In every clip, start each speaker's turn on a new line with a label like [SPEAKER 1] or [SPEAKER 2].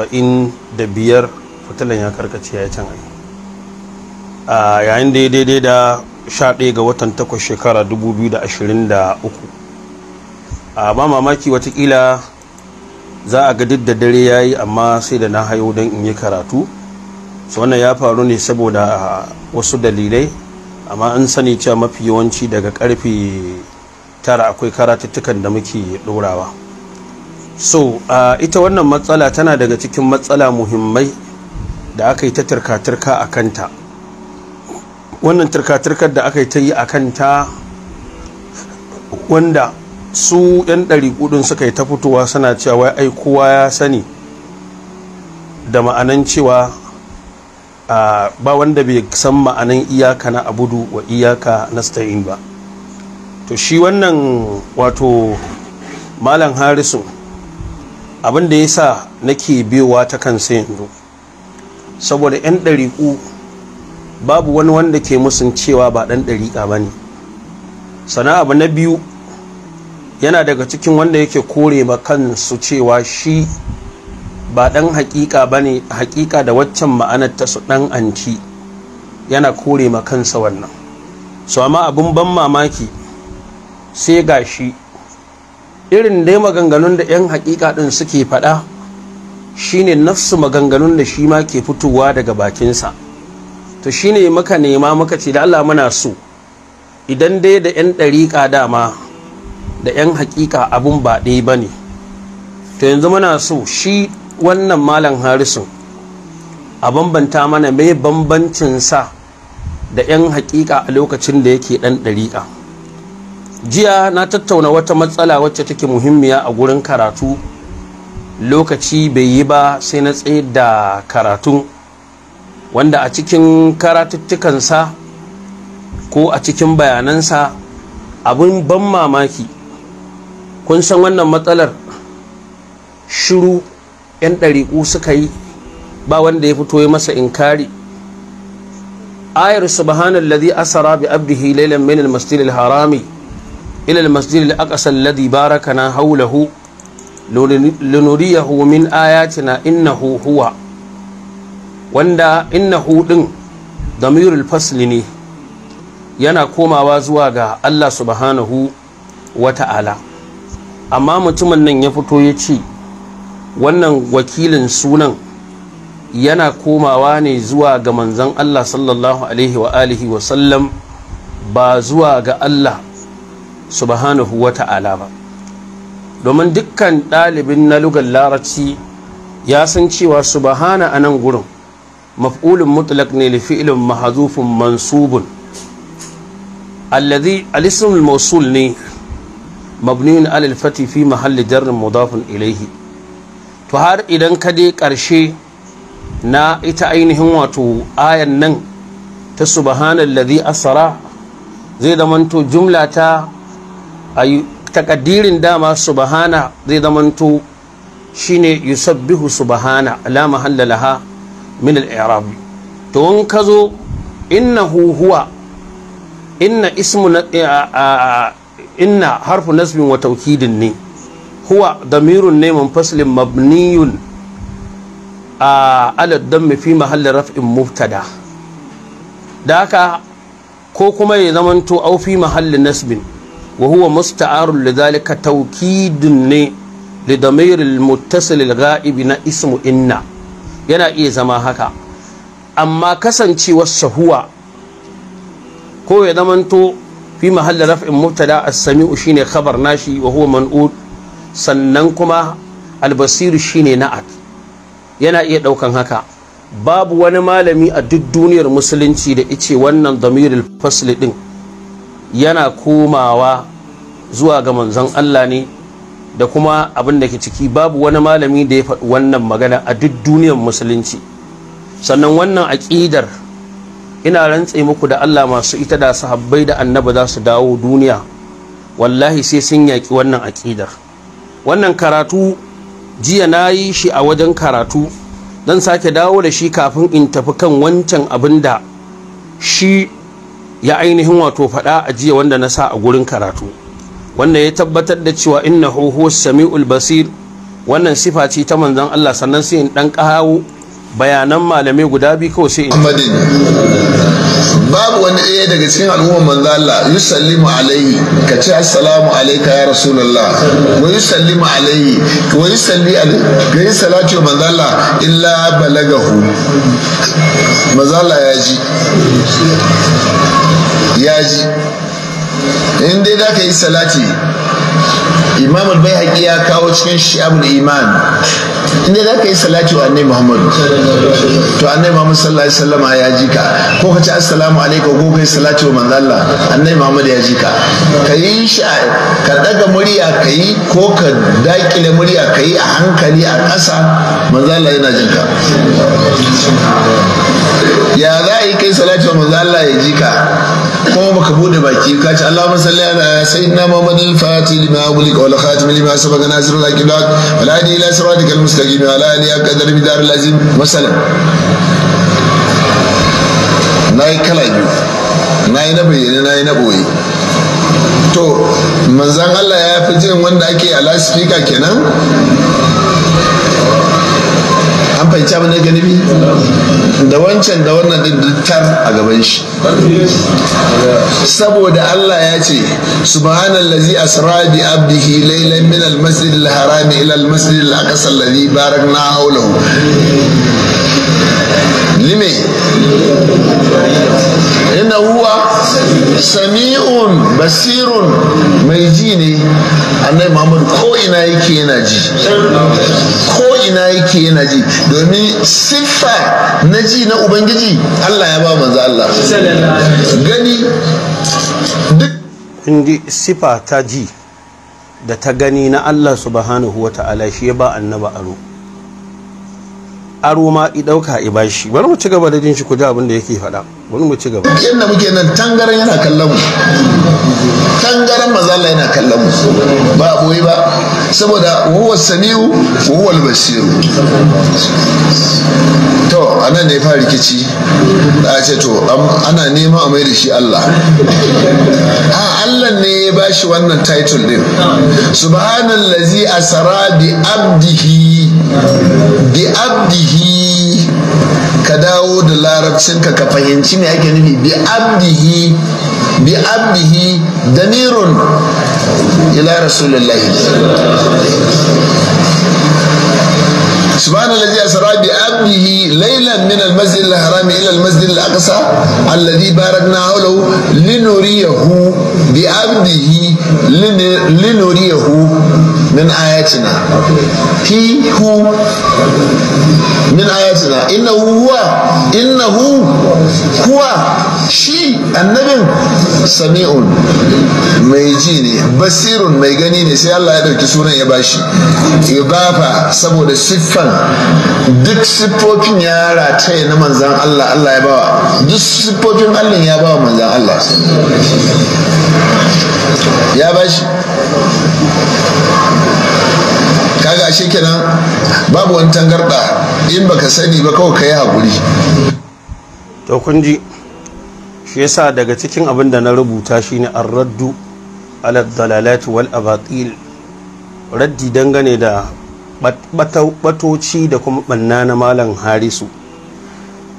[SPEAKER 1] ba'in da biyar fitilan ya karkace ya can ai a yayin da ya daidai da sha ɗaya ga watan takwas shekara dubu biyu da ashirin da uku a ba mamaki watakila za a ga duk da dare ya yi amma sai da na hayo don in yi karatu su wannan ya faru ne saboda wasu dalilai amma an sani cewa mafi yawanci daga karfe tara akwai karatuttukan da muke ɗorawa. so uh, ita wannan matsala tana daga cikin matsala muhimmai da aka yi ta turka a kanta wannan turka da aka yi ta yi a kanta wanda su 'yan ɗari kudin suka yi ta fitowa suna cewa ai kowa ya sani da ma'anan cewa uh, ba wanda bai san ma'anan iyaka na abudu wa iyaka na sta'in ba to shi wannan wato malam harisun abin da ya sa nake biyowa ta kan sai yanzu saboda 'yan ɗariƙu babu wani wanda ke musun cewa ba ɗan ɗariƙa ba ne sana abu na biyu yana daga cikin wanda yake kore ma kansu cewa shi ba ɗan haƙiƙa ba ne haƙiƙa da waccan ma'anar ta su ɗan anci yana kore ma kansa wannan su amma abin ban mamaki sai ga shi irin dai maganganun da 'yan hakika ɗin suke faɗa shine nafsu maganganun da shi ma ke fitowa daga bakinsa to shine maka nema maka ce da Allah muna so idan dai da 'yan ɗariƙa dama da 'yan hakika abun ba ɗaya ba ne to yanzu muna so shi wannan malam harisun a bambanta mana mai bambancinsa da 'yan hakika a lokacin da yake ɗan ɗariƙa jiya na tattauna wata matsala wacce take muhimmiya a gurin karatu lokaci bai yi ba sai na tsaye da karatu wanda a cikin karatuttukansa ko a cikin bayanansa abin ban mamaki kun san wannan matsalar shiru 'yan ɗariƙu suka yi ba wanda ya fito ya masa inkari ayar subhanalladhi asara bi abdihi laylan minal masjidil harami إلى المسجد الأقصى الذي باركنا حوله لنريه na آياتنا hu هو wanda innahu din damirul fasli ne yana komawa zuwa ga Allah subhanahu wa ta'ala amma mutumin nan ya fito ya ce wannan wakilin sunan yana komawa ne zuwa ga manzon Allah sallallahu alaihi wa sallam ba zuwa ga Allah subhanahu wa ta'ala ba domin dukkan ɗalibin na lugar larabci ya san cewa subhana a nan gurin maf'ulun mutlak ne li ilin mahazufin mansubun alladhi alisun mausul ne mabnin alifati fi mahalli jarrin mudafin ilaihi to har idan ka dai ƙarshe na ita ainihin wato ayan nan ta subhanal ladhi asara zai zamanto jumla ta yi takaddirin dama subhana zai zamanto shine yusabbihu subhana la mahalla laha min al-i'rab to in ka zo innahu huwa inna ismu eh, inna harfu nasbin wa taukidin ne huwa damirun neman faslin mabniyun a alad dammi fi mahallin raf'in muftada da haka ko kuma ya zamanto au fi mahallin nasbin wa huwa musta'arun lidhalika tawkidun ne li damiril muttasil al-ghaib na ismu inna yana iya zama haka amma kasancewar sahuwa ko ya zamanto fi mahallin raf'in mubtada as-sami'u shine kabar nashi wa huwa man'ud sannan kuma albasiru shine na'at yana iya daukan haka babu wani malami a duk duniyar musulunci da ice wannan damiril fasli din yana komawa zuwa ga manzon Allah ne da kuma abin da ke ciki babu wani malami da ya faɗi wannan magana a duk duniyar musulunci sannan wannan aƙidar ina rantse muku da Allah masu ita da sahabbai da annabi za su dawo duniya wallahi sai sun yaƙi wannan aƙidar wannan karatu jiya na yi shi a wajen karatu don sake dawo da shi kafin in tafi kan wancan abin da shi ya ainihin wato faɗa a jiya wanda na sa a gurin karatu wanda ya tabbatar da cewa inna huwa sami'ul basir wannan sifa ce ta manzon Allah sannan sai in dan kawo bayanan malamai guda biyu kawai sai in babu
[SPEAKER 2] wani ɗaya daga cikin al'ummar manzo Allah yusallimu alaihi ka ce assalamu alayka ya rasulullah wa yusallimu alaihi wa yusalli ga yi salati wa manzo Allah illa balagahu manzo Allah ya ji ya ji in dai za ka yi salati imam bai haƙi ya kawo cikin abin iman In dai za ka yi salati wa annai muhammadu to annai muhammadu sallallahu alaihi wasallam ya ji ka ko ka ci assalamu alaikum ko kai salati wa manzalla annai muhammadu ya ji ka ka yi shi a, ka daga murya ka yi ko ka daƙile murya ka yi a hankali a ƙasa manzalla yana jin ka ya za a yi kai salati wa manzalla ya ji ka kuma baka bude baki ka ci Allahumma salli ala sayyidina Muhammadin fati fatih lima ulik wal khatim lima nazir la aqlaq wala hadi ila siratikal mustaqim wala ali aqdar bi bidar lazim salam nayi kala biyu nayi na bayyana nayi na boye to manzan Allah ya fi jin wanda ake ala speaker kenan fahimci abin da gani da wancan da wannan din tar a gaban shi saboda Allah ya ce subhanallazi asra bi abdihi laylan min al haram ila al aqsa alladhi barakna hawlahu lime inna huwa sami'un basirun mai ji ne annabi muhammad ko ina yake yana ji ko ina yake yana ji domin siffa na ji na ubangiji allah ya ba manzo allah gani
[SPEAKER 1] duk indi siffa ta ji da ta gani na allah subhanahu wa ta'ala shi ya ba annaba aro aro ma i dauka i bashi bari mu ci gaba da jin shi ku ji abin da yake faɗa bari mu ci gaba da
[SPEAKER 2] muke nan tangaran yana kallon mu tangaran mazalla yana kallon mu ba boye ba saboda huwa samiu huwa basiru to anan ne fa rikici da ce to ana nema a mai da shi Allah a Allah ne ya bashi wannan title din subhanallazi asara bi abdihi bi abdihi ka dawo da larabcin ka fahimci ne ake nufi bi abdihi bi abdihi damirun إلى رسول الله سبحان الذي أسرى بعبده ليلا من المسجد الحرام إلى المسجد الأقصى الذي باركنا حوله لنريه بعبده لنريه من آياتنا he who من آياتنا إنه هو إنه هو shi annabin sami'un mai ji ne basirun mai gani ne sai Allah ya ɗauki sunan ya bashi idafa saboda siffan duk sifofin ya rataye na manzan Allah Allah ya bawa duk sifofin Allah ya bawa manzan Allah ya ba shi kaga shi kenan babu wani tangarda in baka sani ba kawai ka yi
[SPEAKER 1] to kun ji shi yasa daga cikin abin da na rubuta shine ar-raddu ala dalalati wal abatil raddi dangane da batoci da kuma banna na malam harisu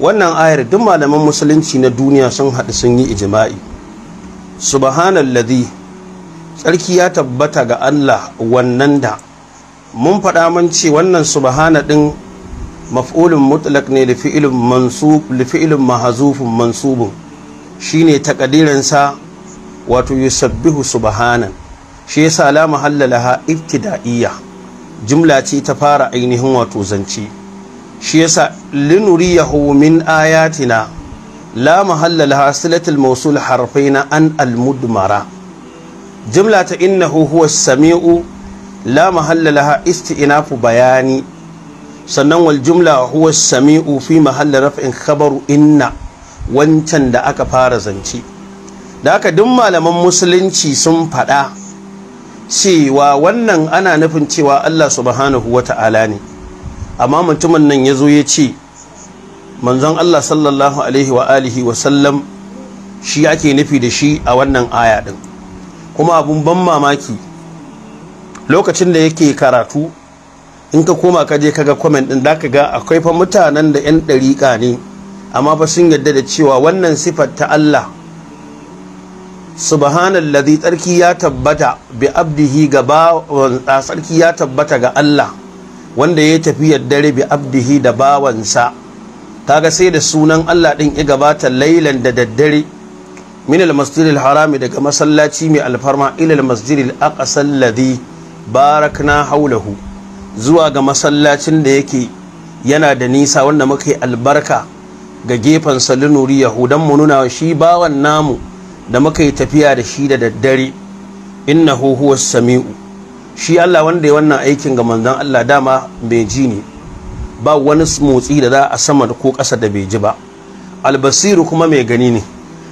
[SPEAKER 1] wannan ayar duk malaman musulunci na duniya sun haɗu sun yi ijima'i subhanalladhi tsarki ya tabbata ga Allah wannan da mun faɗa man ce wannan subhana ɗin maf'ulun mutlak ne da fi'ilun mansub da fi'ilun mahazufun mansubun shine takadirinsa wato yusabbihu subhanan shi yasa la mahallalaha ibtida'iyya jimla ce ta fara ainihin wato zance shi yasa linuriyahu min ayatina la mahalla laha silatul mawsul harfaina an almudmara jimla ta innahu huwa samiu la mahalla laha isti'nafu bayani sannan wal jumla huwa samiu fi mahalla raf'in khabaru inna wancan da aka fara zance da aka duk malaman musulunci sun faɗa cewa wannan ana nufin cewa Allah subhanahu wa ta'ala ne amma mutumin nan ya zo ya ce manzon Allah sallallahu alaihi wa alihi wa sallam shi ake nufi da shi a wannan aya din kuma abun ban mamaki lokacin da yake karatu in ka koma ka je kaga comment din da ga akwai fa mutanen da yan dariƙa ne amma fa sun yarda da cewa wannan sifar ta Allah subhanallazi tsarki ya tabbata bi abdihi ga bawansa tsarki ya tabbata ga Allah wanda ya tafi dare bi abdihi da bawansa kaga sai da sunan Allah din ya gabata lailan da daddare min al-masjidil harami daga masallaci mai alfarma ila al-masjidil aqsa alladhi barakna haulahu zuwa ga masallacin da yake yana da nisa wanda muka albarka ga gefen salinuri yahudan mu nuna shi bawan namu da muka yi tafiya da shi da daddare inna huwa sami'u shi Allah wanda ya wannan aikin ga manzon Allah dama bai ji ne ba wani motsi da za a sama ko ƙasa da bai ji ba albasiru kuma mai gani ne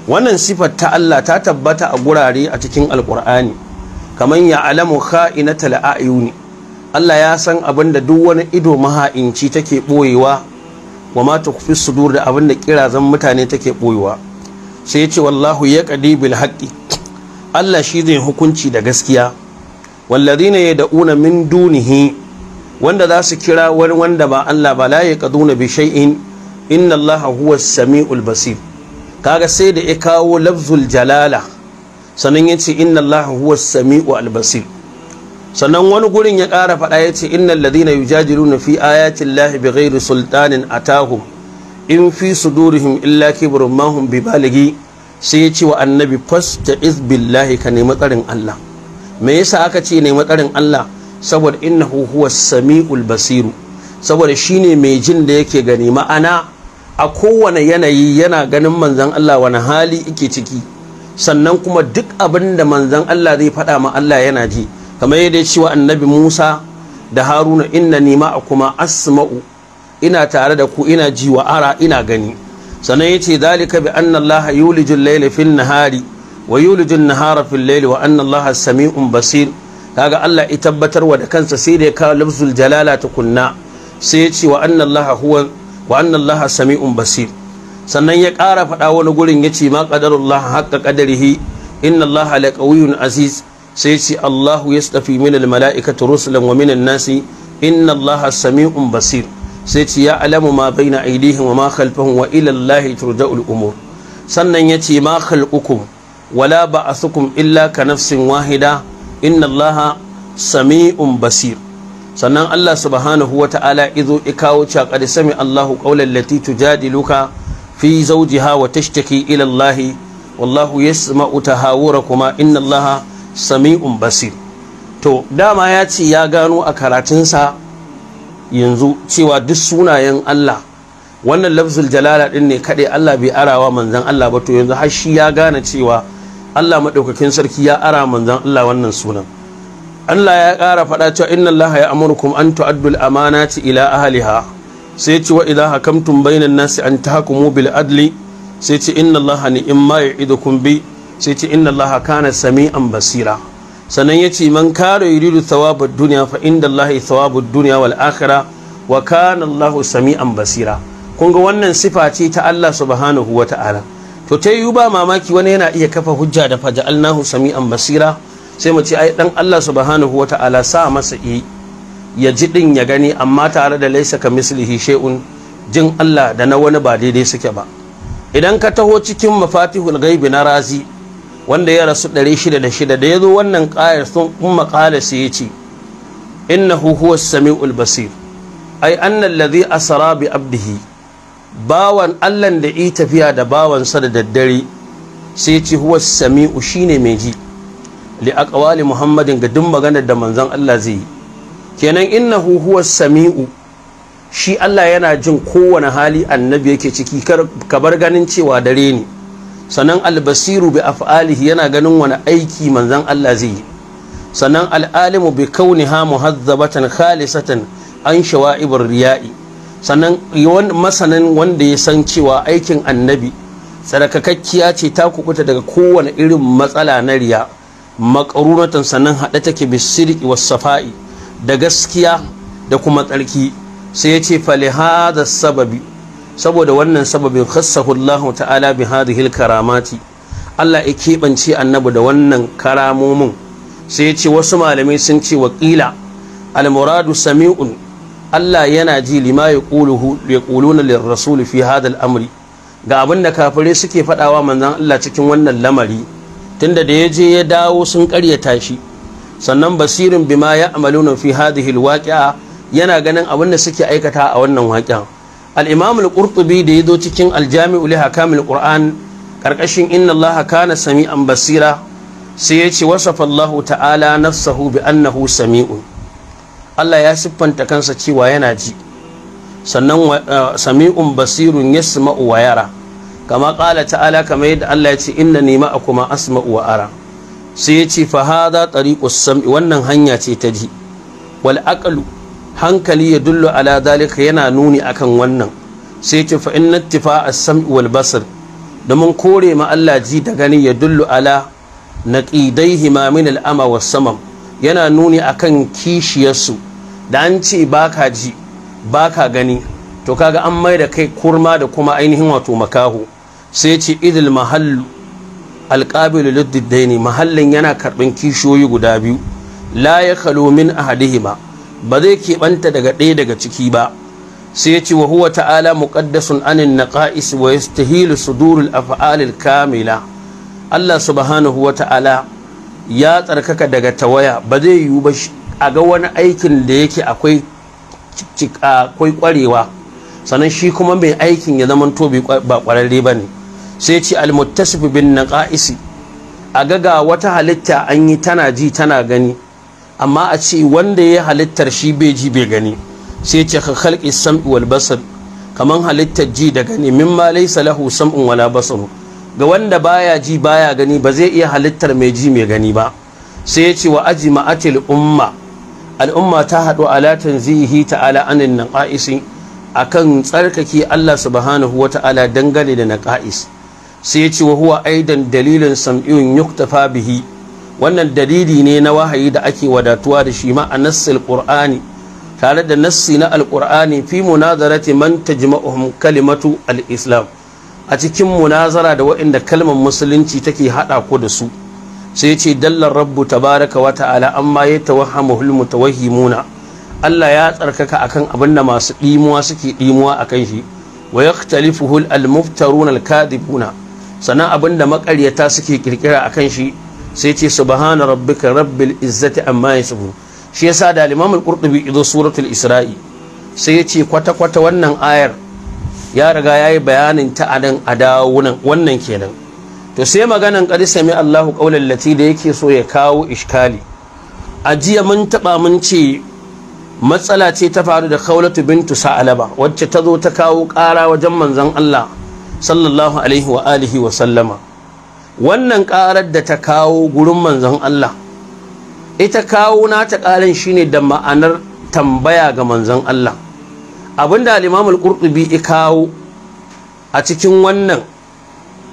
[SPEAKER 1] wannan sifar ta Allah ta tabbata a gurare a cikin alkur'ani Kaman ya alamu kha'inatal a'yuni Allah ya san abin da duk wani ido maha'inci take boyewa wa ma tukfi sudur da abin da kirazan mutane take boyewa sai ya ce wallahu ya ƙadi bil haƙƙi Allah shi zai hukunci da gaskiya ya da'una min dunihi wanda za su kira wani wanda ba Allah ba la yaqduna bi shay'in inna Allah huwa samiul basir kaga sai da ya kawo lafzul jalala sannan ya ce inna Allah huwa sami sannan wani gurin ya ƙara faɗa ya ce innal ladina yujadiluna fi ayati Allah bighairi sultanin atahum in fi sudurihim illa kibrun ma hum bibaligi sai ya ce wa annabi fasta'iz billahi ka nemi tsarin Allah me yasa aka ce nemi tsarin Allah saboda innahu huwa sami'ul basiru saboda shine mai jin da yake gani ma'ana a kowane yanayi yana ganin manzon Allah wani hali yake ciki sannan kuma duk abin da manzon Allah zai faɗa ma Allah yana ji kamar yadda ya ce wa annabi Musa da Haruna inna nima a kuma asma'u ina tare da ku ina ji wa ara ina gani sannan yace zalika bi anna Allah yuliju al-layla fi nahari wa yuliju an-nahara fi al-layli wa anna Allah samiun basir kaga Allah ya tabbatar wa da kansa sai da ya kawo lafzul jalala tukunna sai yace wa anna Allah huwa wa anna Allah samiun basir sannan ya ƙara faɗa wani gurin yace ma qadarullah haqqa qadarihi inna Allah laqawiyyun aziz sai ce Allahu ya stafi min al-mala'ikatu rusulan wa min an-nasi inna Allah samiun basir sai ce ya alamu ma baina aidihim wa ma wa ilallahi Allah turja'ul umur sannan yace ma khalqukum wala ba'athukum illa ka nafsin wahida inna Allaha sami'un basir sannan Allah subhanahu wa ta'ala izo ikawo cewa sami Allahu ƙaunar lati tujadiluka fi zaujiha wa tashtaki ila Allah wallahu yasma'u tahawurakuma inna Allaha sami'un basir to dama ya ce ya gano a karatunsa yanzu cewa duk sunayen Allah wannan lafzul jalala din ne kade Allah bai arawa manzan Allah ba to yanzu har shi ya gane cewa Allah madaukakin sarki ya ara manzan Allah wannan sunan Allah ya ƙara faɗa cewa inna Allah ya amurkum an tu'addul amanati ila ahliha sai ce wa idza hakamtum bainan nasi an tahkumu bil adli sai ce inna Allah ni'ma ya'idukum bi sai ce inna Allah kana sami'an basira sannan ya ce man kare yuridu thawabud duniya fa inda Allah thawabud duniya wal al'akira wa kana Allah sami'an basira kun ga wannan sifa ce ta Allah subhanahu wa ta'ala to ta yi ba mamaki wani yana iya kafa hujja da sami sami'an basira sai mu ce ai dan Allah subhanahu wa ta'ala sa masa yi ya ji din ya gani amma tare da laisa ka mislihi shay'un jin Allah da na wani ba daidai suke ba idan ka taho cikin mafatihul ghaibi na razi wanda ya rasu shida da ya zo wannan ƙayar sun umma ƙala sai ya ce innahu huwa sami basir ai annal lazi asara bi abdihi bawan Allah da yi tafiya da bawansa da daddare sai ya ce huwa sami'u shine mai ji li aqwali muhammadin ga duk maganar da manzon Allah zai yi kenan innahu huwa sami'u shi Allah yana jin kowane hali annabi yake ciki ka bar ganin cewa dare ne sannan albasiru bi af'alihi yana ganin wani aiki manzan Allah zai yi sannan al'alimu bi kauniha muhazzabatan khalisatan an shawa'ibir riya'i sannan masanin wanda ya san cewa aikin annabi sadakakakkiya ce ta kubuta daga kowane irin matsala na riya makarunatan sannan haɗe take bi sirki was safa'i da gaskiya da kuma tsarki sai ya ce fali hada sababi saboda wannan sababin khassahu Allah ta'ala bi hadhihi karamati Allah ya keɓance annabi da wannan karamomin sai ya ce wasu malamai sun ce waƙila al-muradu sami'un Allah yana ji lima ya ƙuluna lirrasuli fi hadal amri ga abin da kafirai suke faɗawa manzan Allah cikin wannan lamari tunda da ya je ya dawo sun karyata shi sannan basirin bima ya amaluna fi hadhihi al yana ganin abin da suke aikata a wannan waƙen al-imam al-qurtubi da yazo cikin al-jami'u li hakamil qur'an karkashin inna Allah kana sami'an basira sai yace, ce wasafa Allah ta'ala nafsahu bi annahu sami'un Allah ya siffanta kansa cewa yana ji sannan eh, sami'un basirun yasma'u wa yara kama qala ta'ala kamar yadda Allah ya ce innani ma'akuma asma'u wa ara sai yace, ce fa hadha tariqus sam'i wannan hanya ce ta ji wal aqlu hankali ya dullu ala dalika yana nuni akan wannan sai ce fa inna tifa sami wal basar domin kore ma Allah ji da gani ya dullu ala naqidaihi ma min al-ama was samam yana nuni akan kishiyarsu da an ce baka ji baka gani to kaga an mai da kai kurma da kuma ainihin wato makaho sai ce idil mahallu alqabilu liddaini mahallin yana karbin kishiyoyi guda biyu la ya kalo min ahadihima ba zai keɓanta daga ɗaya daga ciki ba sai ya ce wa huwa ta'ala muqaddasun anin naqa'is wa yastahilu sudurul af'alil kamila Allah subhanahu wa ta'ala ya tsarkaka daga tawaya ba zai yiwu ba a ga wani aikin da yake akwai akwai kwarewa sannan shi kuma mai aikin ya zama tobe ba kwararre ba ne sai ce almuttasif bin naqa'isi a gaga wata halitta an yi tana ji tana gani amma a ce wanda ya halittar shi bai ji bai gani sai ce ka khalqi sam'i wal basar kaman halittar ji da gani malai laysa lahu sam'un wala basaru ga wanda baya ji baya gani ba zai iya halittar mai ji mai gani ba sai ya ce wa ajma'atil umma al'umma ta haɗu ala tanzihi ta'ala anin naqaisi akan tsarkake Allah subhanahu wa ta'ala dangane da naqais sai ya ce wa huwa aidan dalilin sam'iyun yuktafa bihi wannan dalili ne na wahayi da ake wadatuwa da shi ma a nassil qur'ani tare da nassi na alqur'ani fi munazarati man tajma'uhum kalimatu al-islam a cikin munazara da waɗanda kalmar musulunci take hada ku da su sai ce dallar rabbu tabaraka wa ta'ala amma ya tawahhamuhul mutawahhimuna Allah ya tsarkaka akan abin da masu ɗimuwa suke ɗimuwa akan shi wa yaktalifuhul al-muftarun al-kadibuna sannan abin da makaryata suke kirkira akan shi sai ce subhana rabbika rabbil izzati amma yasifun shi yasa da limamul al-qurtubi izo suratul isra'i sai ya ce kwata kwata wannan ayar ya riga yi bayanin ta adan adawunan wannan kenan to sai maganan qad sami Allahu qawlan da yake so ya kawo iskali a jiya mun taba mun ce matsala ce ta faru da khawlatu bintu sa'alaba wacce ta zo ta kawo ƙara wajen manzon Allah sallallahu alaihi wa alihi wa sallama wannan ƙarar da ta kawo gurin manzon Allah ita kawo nata ƙarin shine da ma'anar tambaya ga manzon Allah abinda al-Imam qurtubi ya kawo a cikin wannan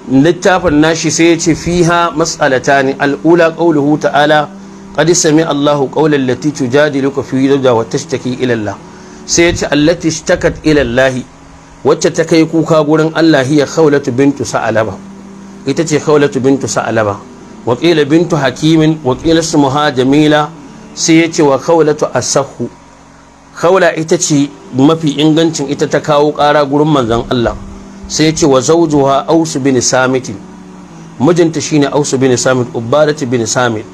[SPEAKER 1] littafin nashi sai ya ce fiha mas'alatani ne. Al'ula qawluhu ta'ala qad sami Allahu qawlan lati tujadiluka fi zawjiha wa tashtaki ila Allah sai ya ce allati ishtakat ila Allah wacce ta kai kuka gurin Allah hiya khawlatu bintu sa'alaba ita ce khawlatu bintu sa'alaba wa qila bintu hakimin wa qila ismuha jamila sai ya ce wa khawlatu asahu khawla ita ce mafi ingancin ita ta kawo ƙara gurin manzon Allah sai ya ce wa zawjuha aus bin samit mijinta shine aus bin samit ubadatu bin samit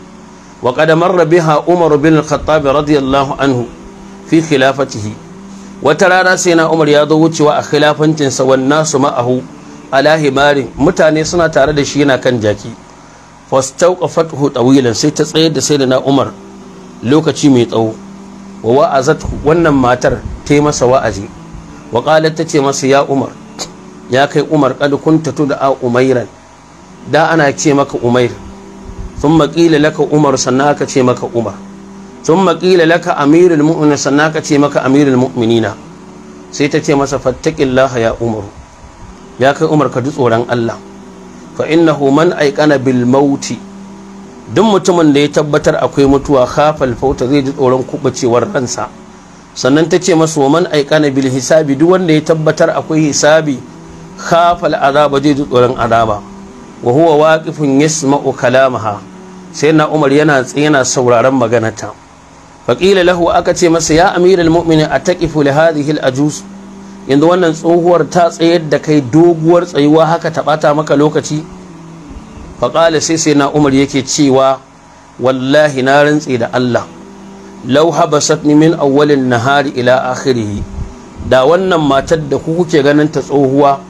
[SPEAKER 1] wa qad marra biha umar bin al-khattab radiyallahu anhu fi khilafatihi wata rana sai na umar ya zo wucewa a khilafancinsa wannan su ma'ahu ala himarin mutane suna tare da shi yana kan jaki fastauqafathu ɗawilan sai ta tsaye da na Umar lokaci mai tsawo wa wa'azathu wannan matar ta masa wa'azi wa qalat ce masa ya Umar ya kai Umar kad kunta tud'a Umairan da ana ce maka Umair thumma qila laka Umar sannan aka ce maka Umar thumma qila laka amirul mu'minin sannan aka ce maka amirul mu'minina sai ta ce masa fattaqillaha ya Umar ya kai umar ka ji tsoron Allah fa innahu man aikana bil mauti duk mutumin da ya tabbatar akwai mutuwa khafal fauta zai ji tsoron kubacewar ransa sannan ta ce masa man aikana bil hisabi duk wanda ya tabbatar akwai hisabi khafal azaba zai ji tsoron azaba wa huwa waqifun yasma'u kalamaha sai na Umar yana yana sauraron ta faqila lahu aka ce masa ya amiral mu'minin ataqifu li hadhihi al ajus yanzu wannan tsohuwar ta tsayar da kai doguwar tsayuwa haka ta ɓata maka lokaci faƙala sai sai na umar yake cewa wallahi na rantse da Allah lau habasatni min awwalin nahari ila akhirih da wannan matar da ku kuke ganin ta tsohuwa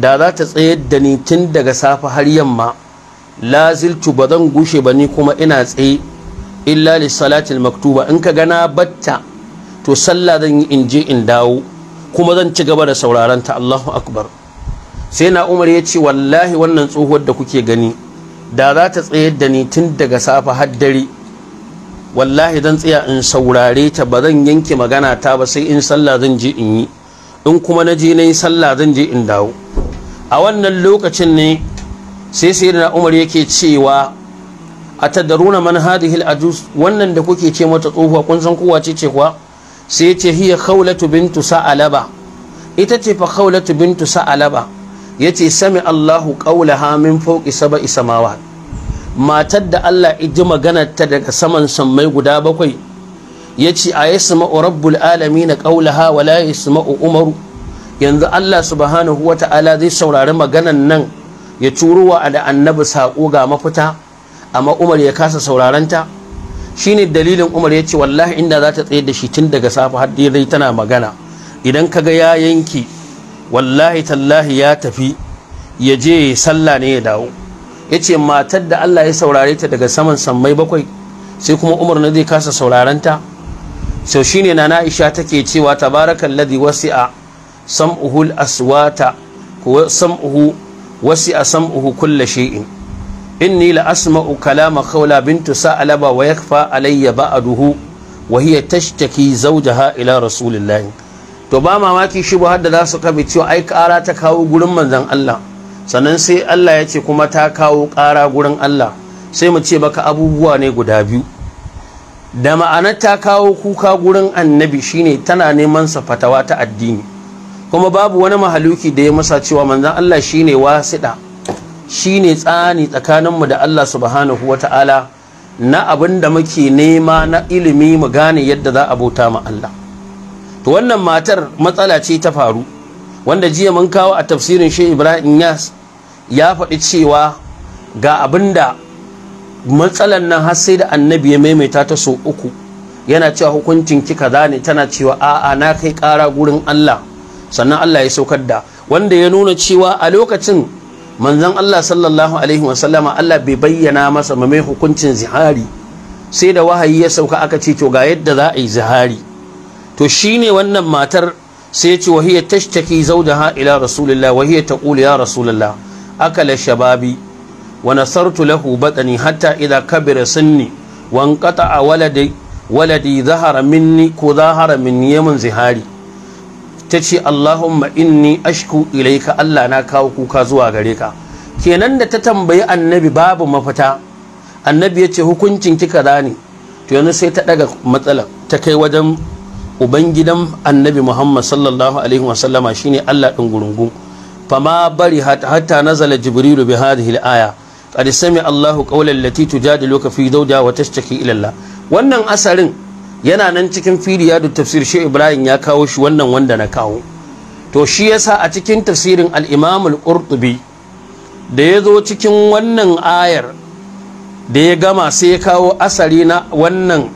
[SPEAKER 1] da za ta tsayar da ni tun daga safe har yamma laziltu ba zan gushe ba ni kuma ina tsaye illa lissalatil maktuba in ka gana batta to sallah zan yi in je in dawo kuma zan ci gaba da sauraron ta Allahu akbar sai na Umar ya ce wallahi wannan tsohuwar da kuke gani da za ta tsayar da ni tun daga safa har dare wallahi zan tsaya in saurare ta ba zan yanke magana ta ba sai in sallah zan je in yi in kuma na je na yi sallah zan je in dawo a wannan lokacin ne sai sai da umar yake cewa a tadaruna man hadihil ajus wannan da kuke ce mata tsohuwa kun san kowa ce ce kuwa sai yace hiya khawlatu bintu sa'alaba ita ce fa khawlatu bintu sa'alaba yace sami Allahu qawlaha min fawqi sab'i samawat matar da Allah iji maganar ta daga saman sammai guda bakwai yace ayasma'u rabbul alamin qawlaha wa la yasma'u umaru yanzu Allah subhanahu ta'ala zai saurari maganar nan ya turuwa wa da annabi saƙo ga mafita amma Umar ya kasa sauraranta shine dalilin umar ya ce wallahi inda za ta tsaye da shi tun daga safe har dai tana magana idan kaga ya yanki wallahi tallahi ya tafi ya je sallah ne ya dawo ya ce matar da Allah ya saurare ta daga saman sammai bakwai sai kuma umar na zai kasa sauraren ta sau ne na na'isha take cewa tabarakan ladi a sam'uhu aswata sam'uhu sam'uhu kulla shi'in inni la asma'u kalama makaula bintu sa'alaba wa yakfa alayya duhu wa hiya tashtaki zawjaha ila rasulillah to ba mamaki shi ba hadda zasu kabe cewa ai kara ta kawo gurin manzon Allah sannan sai Allah ya ce kuma ta kawo kara gurin Allah sai mu ce baka abubuwa ne guda biyu da ma'anar ta kawo kuka gurin annabi shine tana neman sa fatawa ta addini kuma babu wani mahaluki da ya masa cewa manzon Allah shine wasiɗa shine tsani tsakaninmu da Allah subhanahu wata'ala na abin da muke nema na ilimi mu gane yadda za a bauta ma Allah to wannan matar matsala ce ta faru wanda jiya mun kawo a tafsirin shi Ibrahim Yas ya faɗi cewa ga abin da matsalan nan har sai da annabi ya maimaita ta so uku yana cewa hukuncin ki kaza ne tana cewa a'a na kai kara gurin Allah sannan Allah ya saukar da wanda ya nuna cewa a lokacin manzon Allah sallallahu alaihi wasallama Allah bai bayyana masa mai hukuncin zihari sai da wahayi ya sauka aka ce to ga yadda za a yi zihari to shine wannan matar sai ya ce wa hiya tashtaki zawjaha ila rasulillah wa hiya taqulu ya rasulillah akala shababi wa nasartu lahu batani hatta idha kabira sinni wa a waladi waladi zahara minni ko zahara minni yamin zihari ta ce Allahumma inni ashku ilaika Allah na kawo kuka zuwa gare ka kenan da ta tambayi annabi babu mafita annabi ya ce hukuncin ki kaza ne to yanzu sai ta daga matsala ta kai wajen ubangidan annabi Muhammad sallallahu alaihi wasallama shine Allah din gurungu fama bari hatta nazala jibrilu bi hadhihi al-aya qad sami Allahu qawlan lati tujadiluka fi zawjiha wa tashtaki ila Allah wannan asarin yana nan cikin fili da tafsir shi ibrahim ya kawo shi wannan wanda na kawo to shi yasa a cikin tafsirin al'imamul imam da ya zo cikin wannan ayar da ya gama sai ya kawo asari na wannan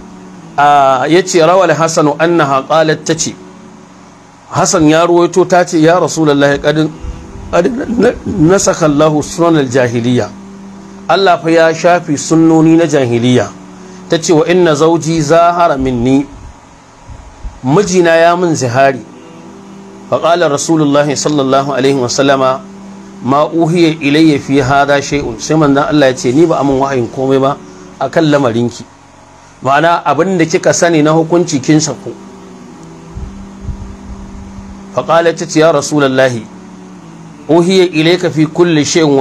[SPEAKER 1] ya ce rawar hasanu na haƙalar ta ce hasan ya ruwaito ta ce ya rasulullahi ƙadin na Allahu sunan jahiliya Allah ya shafi sunnoni na jahiliya ta ce wa inna zauji zahara minni mijina ya min zihari faƙalar rasulullahi sallallahu alaihi wasallama ma uhiya ilayya fi hada shay'un sai manzon Allah ya ce ni ba amin wahayin komai ba akan lamarinki ma'ana abin da kika sani na hukunci kin sako faƙalar ta ce ya rasulullahi uhiya ilayka fi kulli shay'un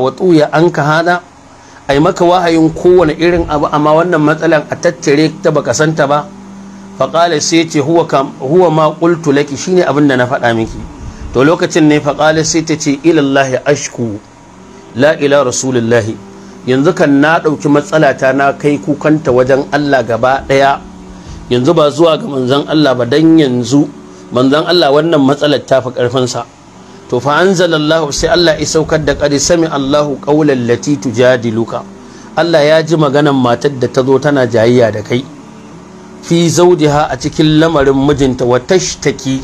[SPEAKER 1] wa tuya anka hada ai maka wahayin kowane irin abu amma wannan matsalan a tattare ta baka santa ba qala sai ce huwa ma qultu laki shine abin da na faɗa miki to lokacin ne qala sai ta ce ilallahi ashku la ila rasulullah yanzu kan na ɗauki ta na kai kukanta wajen Allah gaba ɗaya yanzu ba zuwa ga manzon Allah ba dan yanzu manzon Allah wannan matsalar ta fi sa to fa anzalallahu sai Allah ya saukar da qad sami Allahu qawlan lati tujadiluka Allah ya ji maganan matar da tazo tana jayayya da kai fi zawjiha a cikin lamarin mijinta wa tashtaki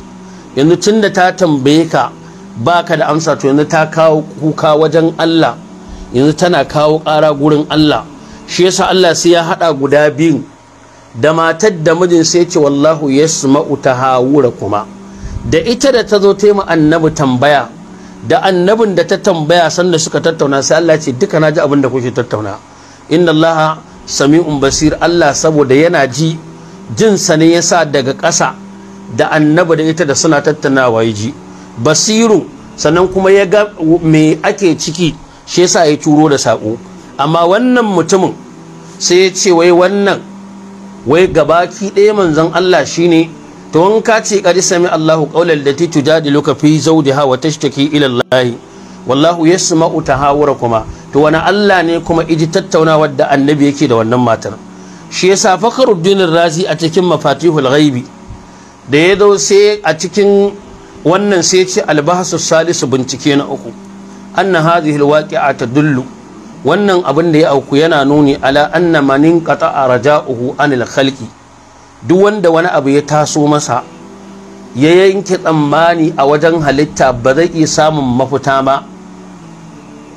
[SPEAKER 1] yanzu tunda ta tambaye ka baka da amsa to yanzu ta kawo kuka wajen Allah yanzu tana kawo ƙara gurin Allah shi yasa Allah sai ya haɗa guda biyu da matar da mijin sai ce wallahu yasma'u tahawura kuma da ita da ta zo taima annabi tambaya da annabin da ta tambaya sanda suka tattauna sai Allah ce duka naji abin da kuke tattauna inna Allah sami'un basir Allah saboda yana ji jinsa ne yasa daga ƙasa da annabi da ita da suna tattaunawa ya ji basiru sannan kuma ya ga me ake ciki shi yasa ya turo da saƙo amma wannan mutumin sai ya ce wai wannan wai gabaki ɗaya manzon Allah shine to in ka ce qad sami Allahu qawlan jadi tujadiluka fi zawjiha wa tashtaki ila Allah wallahu yasma'u kuma. to wani Allah ne kuma iji tattaunawar da annabi yake da wannan matar shi yasa Fakhruddin Razi a cikin Mafatihul Ghaibi da ya zo sai a cikin wannan sai ce albahasu salisu bincike na uku anna hadhihi alwaqi'a tadullu wannan abin da ya auku yana nuni ala anna man qata'a raja'uhu anil khalqi duk wanda wani abu ya taso masa ya yanke tsammani a wajen halitta ba zai iya samun mafita ba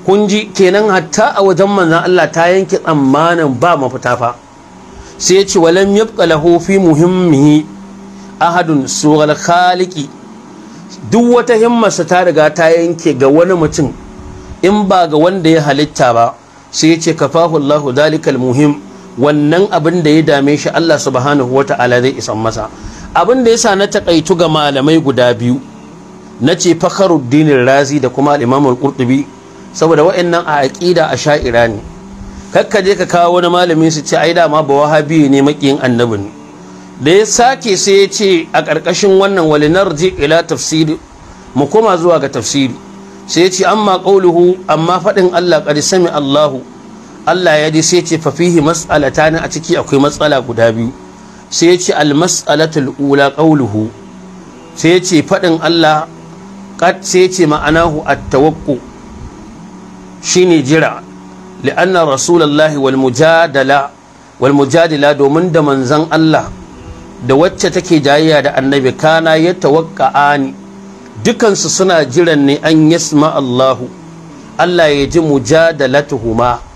[SPEAKER 1] kun ji kenan hatta a wajen manzan Allah ta yanke tsammanin ba mafita fa sai ya ce walam yabqa lahu fi muhimmihi ahadun sughal khaliqi duk wata himmarsa ta riga ta yanke ga wani mutum in ba ga wanda ya halitta ba sai ya ce kafahu Allahu dalikal muhim wannan abin da ya dame shi Allah subhanahu wa ta'ala zai isan masa abin da yasa na taƙaitu ga malamai guda biyu na ce fakharuddin razi da kuma al-imam al-qurtubi saboda wa'annan a aqida a sha'ira ne kakka je ka kawo wani malamin su ce ai ma ba wahabi ne makiyin annabi ne da ya sake sai ya ce a ƙarƙashin wannan walinarji ila tafsiri mu koma zuwa ga tafsiri sai ya ce amma ƙauluhu amma faɗin Allah qad sami Allahu Allah ya ji sai ce fafihi mas'alata ne a ciki akwai matsala guda biyu sai ya ce almas'alatul ula qauluhu sai ya ce fadin Allah qad sai ya ce ma'anahu at-tawaqqu shine jira li'anna rasulullahi wal mujadala wal domin da manzon Allah da wacce take jayayya da annabi kana ya tawakka'ani dukansu suna jiran ne an yasma Allahu Allah ya ji mujadalatuhuma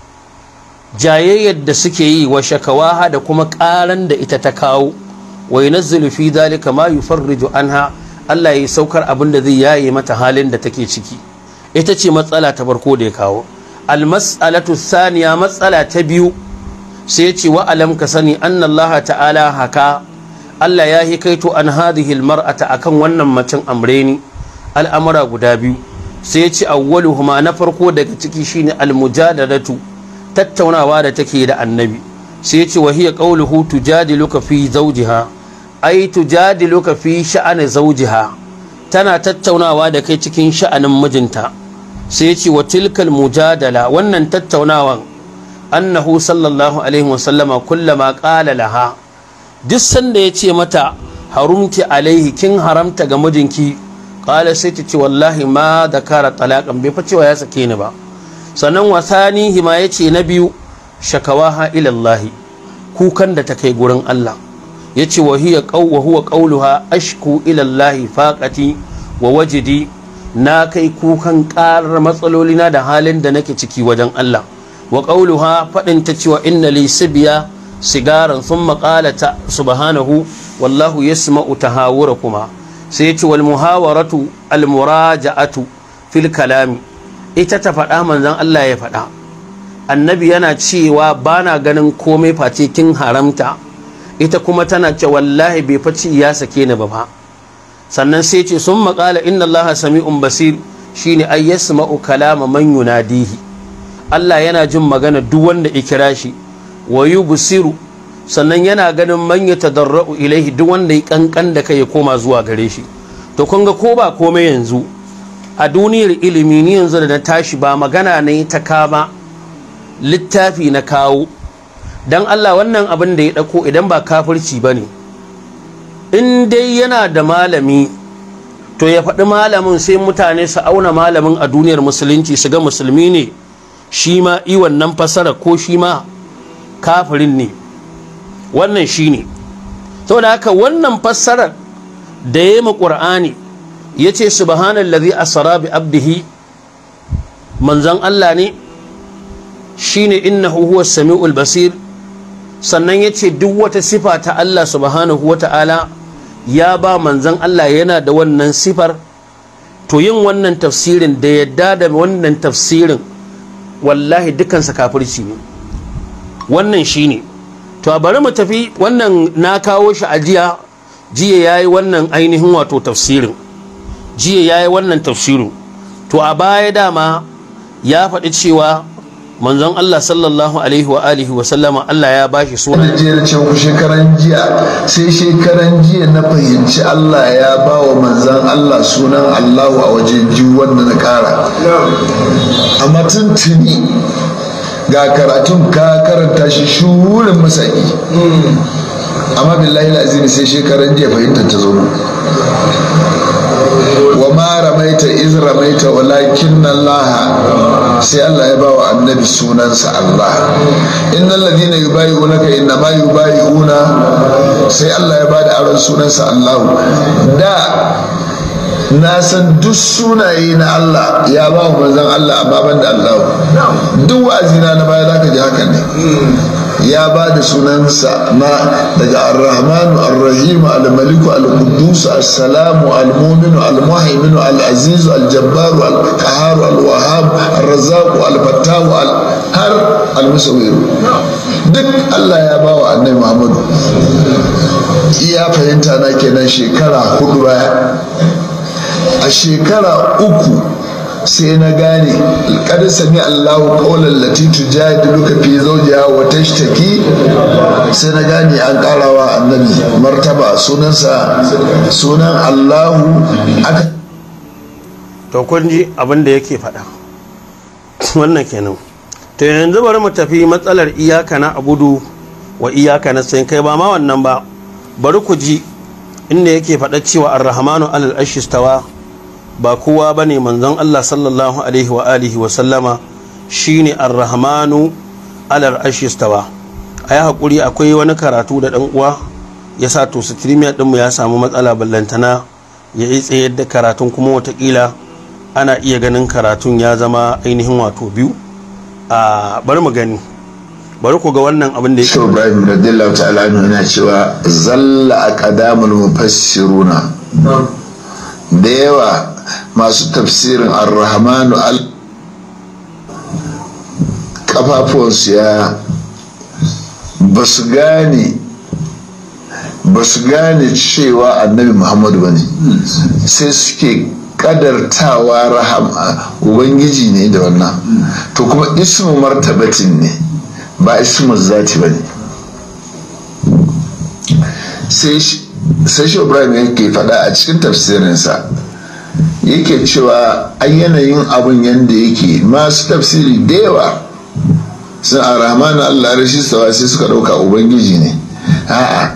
[SPEAKER 1] jayayyar da suke yi wa shakawaha da kuma karan da ita ta kawo wa yunazzilu fi dalika ma yufarriju anha Allah ya saukar abin da zai yaye mata halin da take ciki ita ce matsala ta farko da ya kawo almas'alatu thaniya matsala ta biyu sai ya ce wa alam ka sani annallaha ta'ala haka Allah ya hikaito an hadhihi mar'ata akan wannan macin amreni al'amura guda biyu sai ya ce awwaluhuma na farko daga ciki shine almujadalatu tattaunawa da take da annabi sai ce wa hiya qawluhu tujadiluka fi zawjiha ai tujadiluka fi sha'ani zawjiha tana tattaunawa da kai cikin sha'anin mijinta sai ce wa tilkal mujadala wannan tattaunawan annahu sallallahu alaihi wasallama kullama qala laha duk sanda ya ce mata harumti alaihi kin haramta ga mijinki qala sai ta ce wallahi ma dakara talaqan bai fa cewa ya sake ni ba sannan wasani hima ya ce na biyu shakawaha ilallahi kukan da ta kai gurin Allah ya ce wa huwa ƙauluha ashku ilallahi faƙati wa wajidi na kai kukan ƙarar matsalolina da halin da nake ciki wajen Allah wa ƙauluha faɗin ta cewa inna li sibiya sigaran sun maƙalata subhanahu wallahu ya yasma'u kuma. sai ya ce wal muhawaratu al muraja'atu fil kalami ita ta faɗa manzan Allah ya faɗa annabi yana cewa bana ganin komai face kin haramta ita kuma tana ce wallahi bai faci ya sake ni ba sannan sai ce sun maƙala inna allaha sami'un basir shine ay yasma'u kalama man yunadihi Allah yana jin magana duk wanda ya kira shi wa yubsiru sannan yana ganin man yatadarra'u ilaihi duk wanda ya kankan da kai ya koma zuwa gare shi to kun ga ko ba komai yanzu a duniyar ilimi ni yanzu da na tashi ba magana ne ta kama littafi na kawo don Allah wannan abin da ya ɗauko idan ba kafirci ba ne in dai yana da malami to ya faɗi malamin sai mutane su auna malamin a duniyar musulunci su ga musulmi ne shi ma iwan nan fasara ko shi ma kafirin ne wannan shi ne saboda haka wannan fassarar da ya yi ma Kur'ani? ya ce yace lazi a bi abdihi manzan Allah ne shine ina huwas samiul basir sannan ya ce duk wata sifa ta Allah subhanahu ta'ala ya ba manzan Allah yana da wannan sifar to yin wannan tafsirin da yadda da wannan tafsirin wallahi dukansa kafirci ne wannan shine to a bari mu tafi wannan na kawo shi a jiya jiya yi wannan ainihin wato tafsirin jiya ya yi wannan tafsiru to a baya dama ya faɗi cewa manzon Allah sallallahu alaihi wa alihi wa sallama Allah ya bashi suna da jiyar
[SPEAKER 2] can shekaran jiya sai shekaran jiya na fahimci Allah ya ba wa manzon Allah sunan Allahu a wajen ji wanda na kara a matuntuni ga karatun ka karanta shi shurin masaki amma billahi azim sai shekaran jiya fahimtar ta zo wa ma ramaita iz ramaita walakin Allah sai Allah ya bawa annabi sunansa Allah innal ladina yubayyunaka inna ma yubayyuna sai Allah ya bada aron sunansa Allah da na san duk sunaye na Allah ya ba wa manzon Allah amma ban da Allah duk wa'azina na baya zaka ji haka ne ya ba da sunansa na daga arrahmanu arrahimu almaliku alquddus assalamu almuminu al alazizu aljabbaru alqaharu al arrazaqu alfattahu har almusawiru duk Allah ya ba wa annabi Muhammadu iya fahimta na kenan shekara hudu baya a shekara uku sai na gane kada sami Allahu qawlan lati tujadiluka fi zawjiha wa tashtaki sai na gane an karawa annabi martaba sunansa sunan Allahu aka
[SPEAKER 1] to kun ji abin da yake faɗa wannan kenan to yanzu bari mu tafi matsalar iyaka na abudu wa iyaka na sayin kai ba ma wannan ba bari ku ji inda yake faɗa cewa arrahmanu alal ashistawa ba kowa ba ne manzon Allah sallallahu alaihi wa alihi wa sallama shine ar-rahmanu alar ashistawa a yi haƙuri akwai wani karatu da ɗan uwa ya sa to streamer ɗinmu ya samu matsala ballantana ya yi tsayar da karatun kuma watakila ana iya ganin karatun ya zama ainihin wato biyu a bari mu gani bari ku ga wannan abin da yake Ibrahim radiyallahu ta'ala anhu yana cewa
[SPEAKER 2] zalla a aqdamul mufassiruna da yawa masu tafsirin ar-rahmanu al kafafuwansu ya basu gane cewa annabi muhammadu ba sai suke kadartawa rahama ubangiji ne da wannan to kuma ismu martabatin ne ba ismu zati ba sai shi ibrahim yake faɗa a cikin tafsirinsa yake cewa an yanayin abin yadda yake masu tafsiri da yawa sun a rahmanu allah rashi sai suka ɗauka ubangiji ne a'a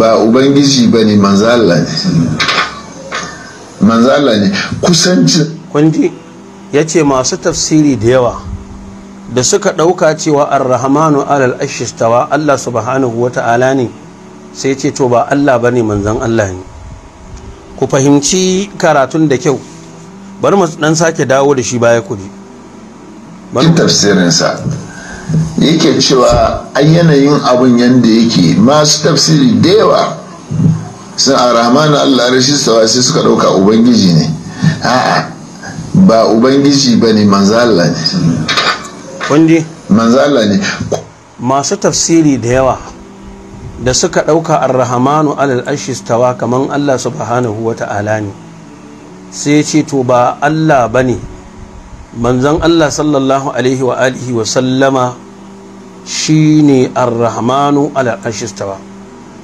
[SPEAKER 2] ba ubangiji ba ne manzala ne manzala
[SPEAKER 1] ne kusancin kundi ya ce masu tafsiri da yawa da suka ɗauka cewa an rahmanu alal ashistawa allah subhanahu wa ta'ala ne sai ce to ba allah ba ne manzan allah ne ku fahimci karatun da kyau bari mu dan sake dawo da shi baya ku ji tafsirinsa yake cewa
[SPEAKER 2] a yanayin abin yadda yake masu tafsiri da yawa sun a na allah rashi sai suka ɗauka ubangiji ne a'a ba ubangiji ba ne manzala ne manzala
[SPEAKER 1] ne masu tafsiri da yawa da suka ɗauka arrahamanu alal ashistawa kamar Allah subhanahu wa ta'ala ne sai ce to ba Allah ba ne manzan Allah sallallahu alaihi wa alihi wa sallama shi ne arrahamanu alal ashistawa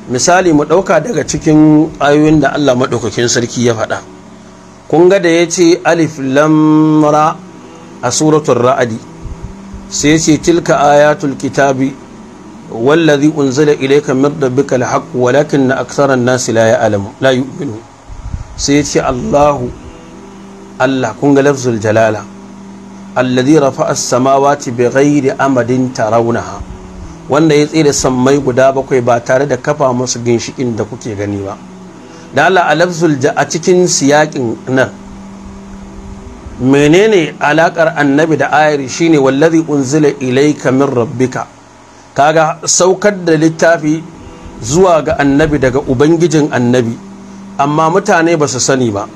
[SPEAKER 1] misali mu ɗauka daga cikin ayoyin da Allah maɗaukakin sarki ya faɗa kun ga da ya ce alif lamra a suratun ra'adi sai ce tilka ayatul kitabi wallazi unzila ilayka min rabbika alhaq walakin aktharan nas la ya'lamu la yu'minu sai ya ce Allahu Allah kun ga lafzul jalala allazi rafa'a as-samawati bighairi amadin tarawunaha wanda ya tsere sammai guda bakwai ba tare da kafa musu ginshikin da kuke gani ba da Allah a lafzul a cikin siyakin nan menene alakar annabi da ayar shine wallazi unzila ilayka min rabbika kaga saukar da littafi zuwa ga annabi daga ubangijin annabi amma mutane ba su sani ba